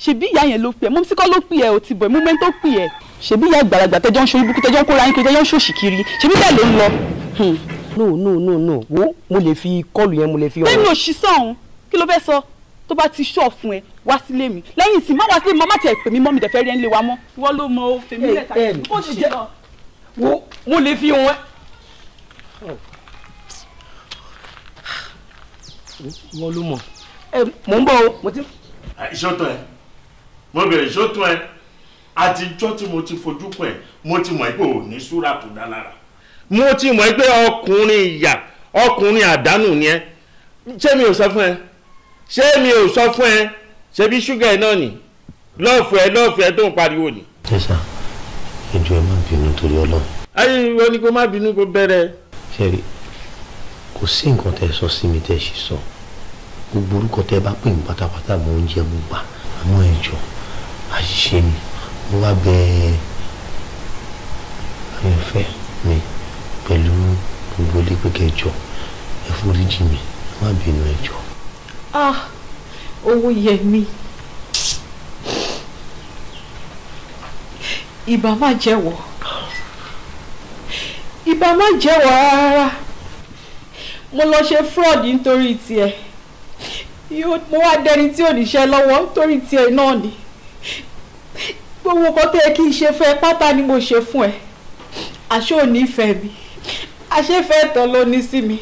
ṣebí ìyá yẹn ló pè ẹ́ mọ́mísí kọ́ ló pè ẹ́ ò ti bọ̀ ẹ́ mọ́mẹ́ntò pè ẹ́ ṣebí ìyá ìgbàlagbà tẹjọ́ ń ṣorí burúkú tẹjọ́ ń kóra yín kiri tẹjọ́ ń ṣòṣì kiri ṣebí bẹ́ẹ̀ ló ń lọ. Hmm. no no no no wo mo lè fi kọ́ọ̀lù yẹn mo lè fi ọ̀rọ̀. bẹ́ẹ̀ni òṣìṣẹ́ ọ̀hún kí ló fẹ́ sọ tó bá ti ṣọ́ fún ẹ wá sílé mi lẹ́yìn tí má wá sílé mi má má tiẹ̀ pè mí mọ́ mi dẹ̀ fẹ́ rí ẹ́ ńlé wa mọ́. wọ́n ló mọ o fèmí lẹ́ta ó ṣe lọ. mo lè fi òun wọ́n ló mọ̀ mò ń bọ̀ o mo ti. ìṣòtò ẹ mo bẹ̀rẹ̀ ìṣòtò ẹ àtijọ́ tí mo ti fojú pẹ̀ mo ti mọ̀ pé ò ní súrà tó dá lára mo ti mọ̀ pé ọkùnrin ìyà ọkùnrin àdánù ni ẹ ṣé mi ò sọ fún ẹ ṣé mi ò sọ fún ẹ ṣé bí ṣúgà ẹ náà nì lọ́ọ̀fù ẹ lọ́ọ̀fù ẹ tó ń pariwo ni. ẹ ṣá ẹ má bínú torí Ọlọ́run. ayé ìwọ ni kó má bínú kó bẹ̀rẹ̀. ṣe kò sí nǹkan tẹ sọ sí mi tẹ ṣe sọ. So gbogbo orúkọ tẹ́ bá pè mí pátápátá mo ń jẹ mo gbà àmọ́ ẹ̀jọ̀ àṣìṣe mi mo wá bẹ ayọ̀fẹ́ mi pẹ̀lú gbogbo ilé pé kẹjọ ẹ foríjì mi má bínú ẹ̀jọ̀. ah owó yẹ mí ìbá má jẹ́wọ́ ìbá má jẹ́wọ́ rárá mo lọ ṣe fraud nítorí tiẹ̀ mo wá dẹni tí ò níṣẹ́ lọ́wọ́ torí tiẹ̀ náà ni gbogbo nǹkan tó yẹ kí n ṣe fún ẹ pátá ni mo ṣe fún ẹ àṣé ò nífẹ̀ẹ́ mi àṣé fẹ́ tán ló ní sí mi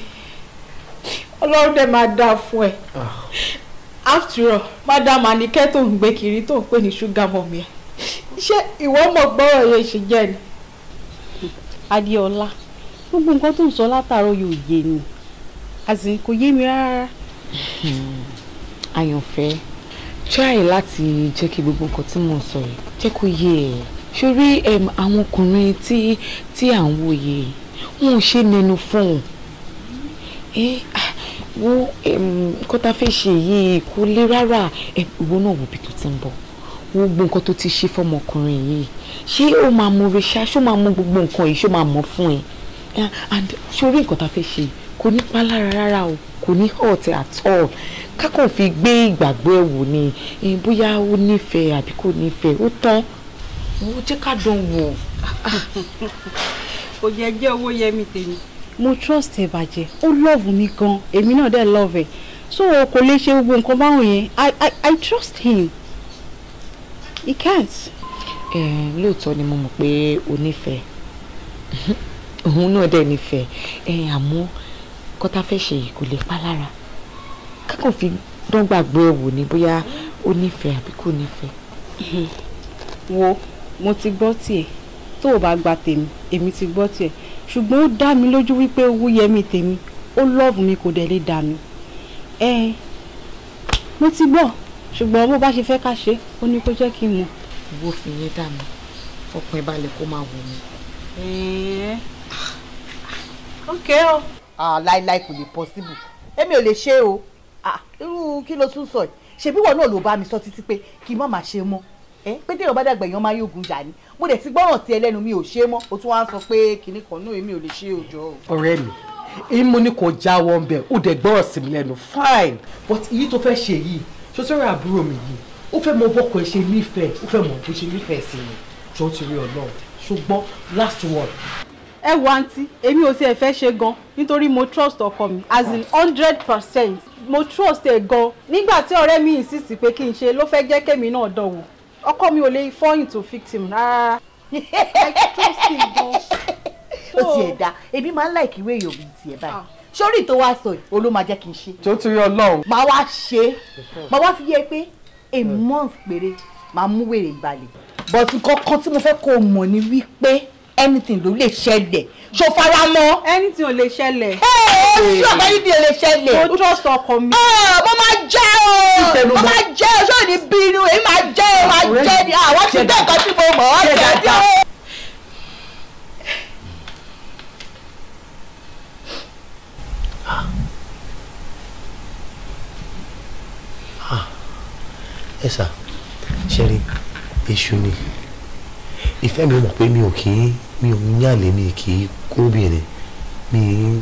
ọlọ́run dẹ̀ máa dáa fún ẹ after all madam anike tó ń gbé kiri tó ń pè ní ṣúgà mọ̀mí ẹ ṣé ìwọ mọ̀ gbọ́rọ̀ yẹn ṣe jẹ́ ni. adéọlá gbogbo nǹkan tó ń sọ látàárọ̀ yóò yé ni àsìkò yé mi rárá àyànfẹ́ try láti jẹ́ kí gbogbo nǹkan tí mò ń sọ yìí jẹ́ kó yé ẹ sórí àwọn ọkùnrin tí tí à ń wòye wọn ò ṣe mẹnu fún un ah, wo nǹkan tá a fẹ́ ṣe yìí kò le rárá ìwọ náà wò bí tó ti ń bọ̀ wo gbogbo nǹkan tó ti ṣe fọmọkùnrin yìí ṣé ó máa mú reṣá ṣó máa mú gbogbo nǹkan yìí ṣó máa mọ̀ fún ẹ ah, and sórí nǹkan tá a fẹ́ ṣe kò ní pa lára rárá o kò ní hot at all kákan fi gbé ìgbàgbọ́ ẹ̀ wò ni bóyá ó nífẹ̀ẹ́ àbí kò nífẹ̀ẹ́ ó tán owó jẹ́ ká dán wò. kò yẹ jẹ́ owó yẹ mi tèmi. mo trust ẹ bàjẹ́ ó love mi gan èmi náà dẹ̀ love ẹ̀ so kò lè ṣe gbogbo nǹkan báwọn yẹn I I I trust him he can't. ẹ lóòótọ́ ni mo mọ̀ pé o nífẹ̀ẹ́ [LAUGHS] òun náà dẹ̀ nífẹ̀ẹ́ ẹ àmọ́. Eh, nǹkan tá a fẹ́ ṣe yìí kò lè pa lára kákan fi dán gbàgbé ẹ̀ wò ní bóyá ó nífẹ̀ẹ́ àbí kò nífẹ̀ẹ́. wo mo ti gbọ́ tiẹ̀ tó o bá gba tèmi èmi ti gbọ́ tiẹ̀ ṣùgbọ́n ó dá mi lójú wípé owó yẹ mi tèmi ó lọ́ọ̀bù mi kò dẹ̀ lè dà mí. ẹ mo ti gbọ́ ṣùgbọ́n bó bá ṣe fẹ́ ká ṣe ó ní kó jẹ́ kí n mọ̀. wo fi yẹn dà mí fọkàn ẹ balẹ̀ kó máa wò mí. Ah, ok o. Oh. Ah, láíláí kò lè possible èmi ò lè ṣe o ah, irú kí ló tún sọ yìí ṣebí wọn náà ló bá mi sọ títí pé kí n má máa ṣe mọ́ ẹ pé téèyàn bá dàgbà èèyàn máa yógun jà ni mo dẹ̀ ti gbọ́ràn sí ẹlẹ́nu mi ò ṣe mọ́ o tún wá ń sọ pé kinní kan náà èmi ò lè ṣe òjò o. ọ̀rẹ́ mi èyí mo ní kò jáwọ́ ń bẹ̀ ó dẹ̀ gbọ́ràn sí mi lẹ́nu fine but èyí tó fẹ́ ṣe yìí sọ́sọ́rọ́ àbúrò mi yìí ó fẹ́ mọ bọ́kọ ẹ ṣe nífẹ̀ẹ́ ó fẹ́ mọ bó ṣe nífẹ̀ẹ́ sí mi tó ti rí ọlọ́run ṣùgbọ́n last one ẹ wo àǹtí èmi ò tiẹ̀ fẹ́ ṣe gan nítorí mo trust ọkọ mi as in hundred percent mo trust ẹ gan nígbà tí ọ̀rẹ́ mi insist pé kí n ṣe ló fẹ́ jẹ́ kémi náà dán wò ọkọ mi ò lè fall into victim rárá [LAUGHS] i trust him gan. [LAUGHS] ó tiẹ̀ dá èmi máa ń láìkí ìwé ìyòbí tiẹ̀ báyìí ah. sórí tó wá sọ yìí olú máa jẹ́ kí n ṣe. tó tún yọ lọ́hùn. màá wá ṣe màá wá fi yẹ pé a month péré màá mú wèrè balẹ̀ bọ̀tù kankan tí mo fẹ́ kó o mọ̀ ni wípé anything ló lè ṣẹlẹ̀ ṣo fara mọ́. anything ò lè ṣẹlẹ̀. ẹ ẹ ṣé ọ̀gá yìí lè ṣẹlẹ̀. mo trust ọkọ mi. ọ ah, mo máa jẹ́ o mo máa jẹ́ o ṣé ò ní bínú èyí máa jẹ́ o máa jẹ́ ni àwọn ah, ti dé nǹkan tí mo mọ̀ ọ́ jẹ́ dé o. ẹ sà ṣe rí èṣù ni ìfẹ́ mi mọ̀ pé mi ò kì í mi ò ń yàlé mi kì í kóbìnrin mi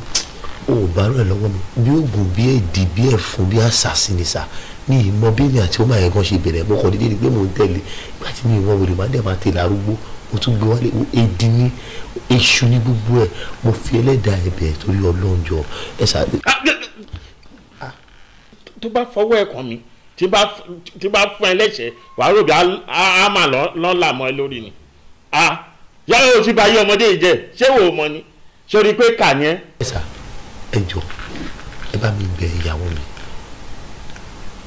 ò bá rẹ̀ lọ́wọ́ mi bí oògùn bí èdè bí ẹ̀fún bí àṣàṣì ni sà ní ìmọ̀ bí ènìyàn àti ọmọ yẹn kan ṣe bẹ̀rẹ̀ mọ́ kàn ni pé mò ń tẹ̀lé nígbà tí mi ìwọ wèrè máa ń dẹ̀ máa tẹ̀lé arúgbó mo tún gbé wálé èdè ní èṣù ní gbogbo ẹ̀ mo fi ẹlẹ́dàá ẹ̀bẹ̀ torí ọlọ́njọ́ ẹ̀ sà. Ah, ah, tó bá fọwọ́ ẹ̀ kàn tí bá fún ẹ lẹ́sẹ̀ wàá rò bí a máa lọ́ọ́ làmọ́ ẹ lórí ni. Ah, yàrá o ti ba yí ọmọdé yìí jẹ ṣé wò ó mọ ni sori pé kà ni ẹ. ẹ sà ẹ jọ ẹ bá mi bẹ ìyàwó mi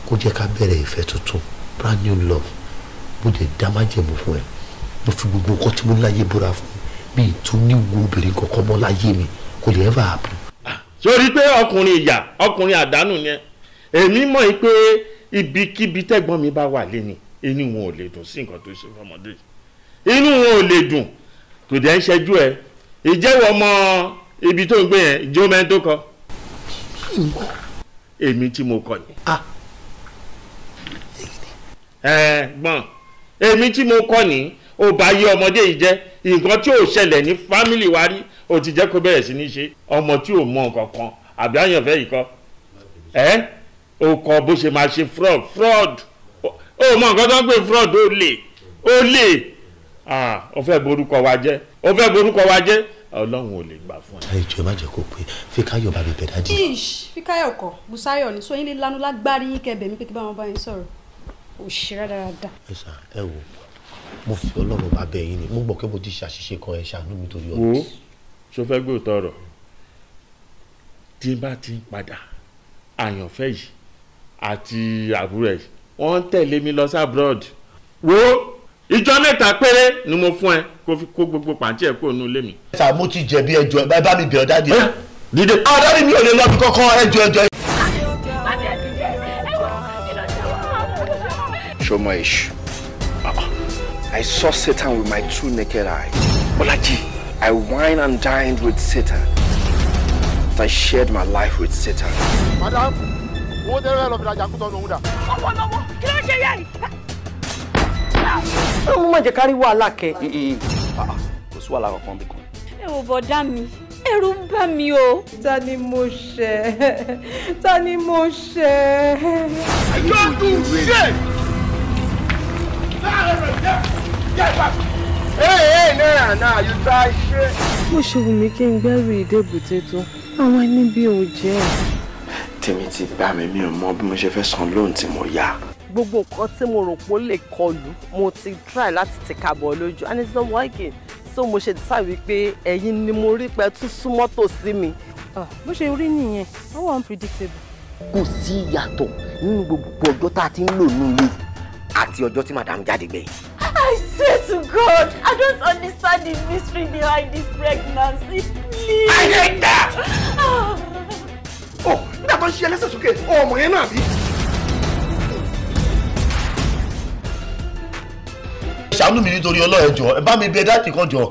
kó jẹ́ ká bẹ̀rẹ̀ ìfẹ́ tuntun brand new love mo lè dá májèmú fún ẹ mo fi gbogbo nǹkan tí mo láyé búra fún mi mi tún ní wo obìnrin kankan mọ́ láyé mi kò lè ẹ́fà àbú. sori pé ọkùnrin ìyà ọkùnrin àdánù ni ẹ èmi mọ̀ pé ibikíbi tẹ́gbọ́n mi bá wà lẹ́ni inú wọn ò lè dùn sí nǹkan tó ṣe fọmọdé inú wọn ò lè dùn kò dẹ̀ ń ṣẹ́jú ẹ ìjẹ́wọ́ ọmọ ibi tó ń gbé yẹn ìjẹ́ omi ẹni tó kọ. èmi tí mo kọ ni. Ah. ẹ gbọ́n èmi tí mo kọ ni ó bá yé ọmọdé yìí jẹ́ nǹkan tí ò ṣẹlẹ̀ ní fámìlì wa rí ó ti jẹ́ kó bẹ̀rẹ̀ sí ní ṣe ọmọ tí ò mọ nǹkan kan àbí àyànfẹ́ yìí kọ ẹ ó kọ bó ṣe máa ṣe fraud fraud ó mọ nǹkan tó ń pè fraud ó lè ó lè ó fẹ́ borúkọ wa jẹ́ ó fẹ́ borúkọ wa jẹ́ ọlọ́run ò lè gbà fún ẹ. ìjọ má jẹ́ kó pé fíkáyọ̀ bá mi bẹ̀ dájú. ish fíkáyọ̀ kọ Bùsáyọ̀ ní sọyìn lè lanu lágbárí yín kẹbẹ̀ mi pé kí báwọn bá yín sọ̀rọ̀ òṣìṣẹ́ dáadáa. ẹ ṣá ẹ wò mo fi ọlọ́run bá bẹ̀ yín ni mo gbọ́ pé mo ti ṣàṣìṣe kan ẹ ṣàánú mi torí ọ̀rọ̀. wo ṣo fẹ́ gbé òótọ́ rọ̀ tí n bá ti ń padà àyànfẹ́ yìí àti àbúrò ẹ̀ wọ́n ń tẹ̀lé mi lọ sí abroad wo ìjọ mẹ́ta péré ni mo fún ẹ kó fi kó gbogbo pàǹtí ẹ̀ kúrò nínú ilé mi. ṣá mo ti jẹ̀bi ẹjọ́ ẹ bá mi bẹ̀ ọ́ dáàdi. dídé. ọ̀dọ́ mi mi ò lè lọ bí kọ́kọ́ ẹjọ́ ẹjọ́. ṣọmọ èṣù I saw Satan with my two naked eyes. Bolaji, I wine and dined with Satan. I shared my life with Satan. Madam, wo dẹ́rẹ́ lọ fi rajà kútọ́ ní òun dà. ọ̀pọ̀lọpọ̀ kí ló ń ṣe yẹn ẹ mú má jẹ́ kárí wàhálà kẹ. Ah, ah, kò sí wàhálà kankan bí kan. ẹ wò bọ̀dá mi ẹ̀rù ń bà mí o. ta ni mo ṣẹ̀ ta ni mo ṣẹ̀. yóò tún ṣe. Hey, hey, Naira, now you try shit. Mo ṣe wù mí kí n gbẹ́rù ìdébùté tó. Àwọn ẹni bí ò jẹ́. Tèmi ti bá mi mi ò mọ bí mo ṣe fẹ́ san lóhùn tí mo yá gbogbo nǹkan tí mo rò pé ó lè kọlù mo ti try láti tìka bọ̀ lójú and it's not working so mo ṣe decide wípé ẹ̀yin ni mo rí pé tún súnmọ́ tòsí mi. Ah, bó ṣe rí nìyẹn ó unpredictable. kò sí ìyàtọ̀ nínú gbogbo ọjọ́ tá a ti ń lò nílé àti ọjọ́ tí madam jáde gbẹ̀yìn. I swear to God, I don't understand the mystery behind this pregnancy. Please. I hate that! Ah. oh, nígbà tó ń ṣe ẹlẹ́sẹ̀ sókè, ọmọ yẹn náà bí. ṣàánú mi nítorí ọlọ́ọ̀ẹ́jọ́ ẹ bá mi bí ẹ dáàtì kan jọ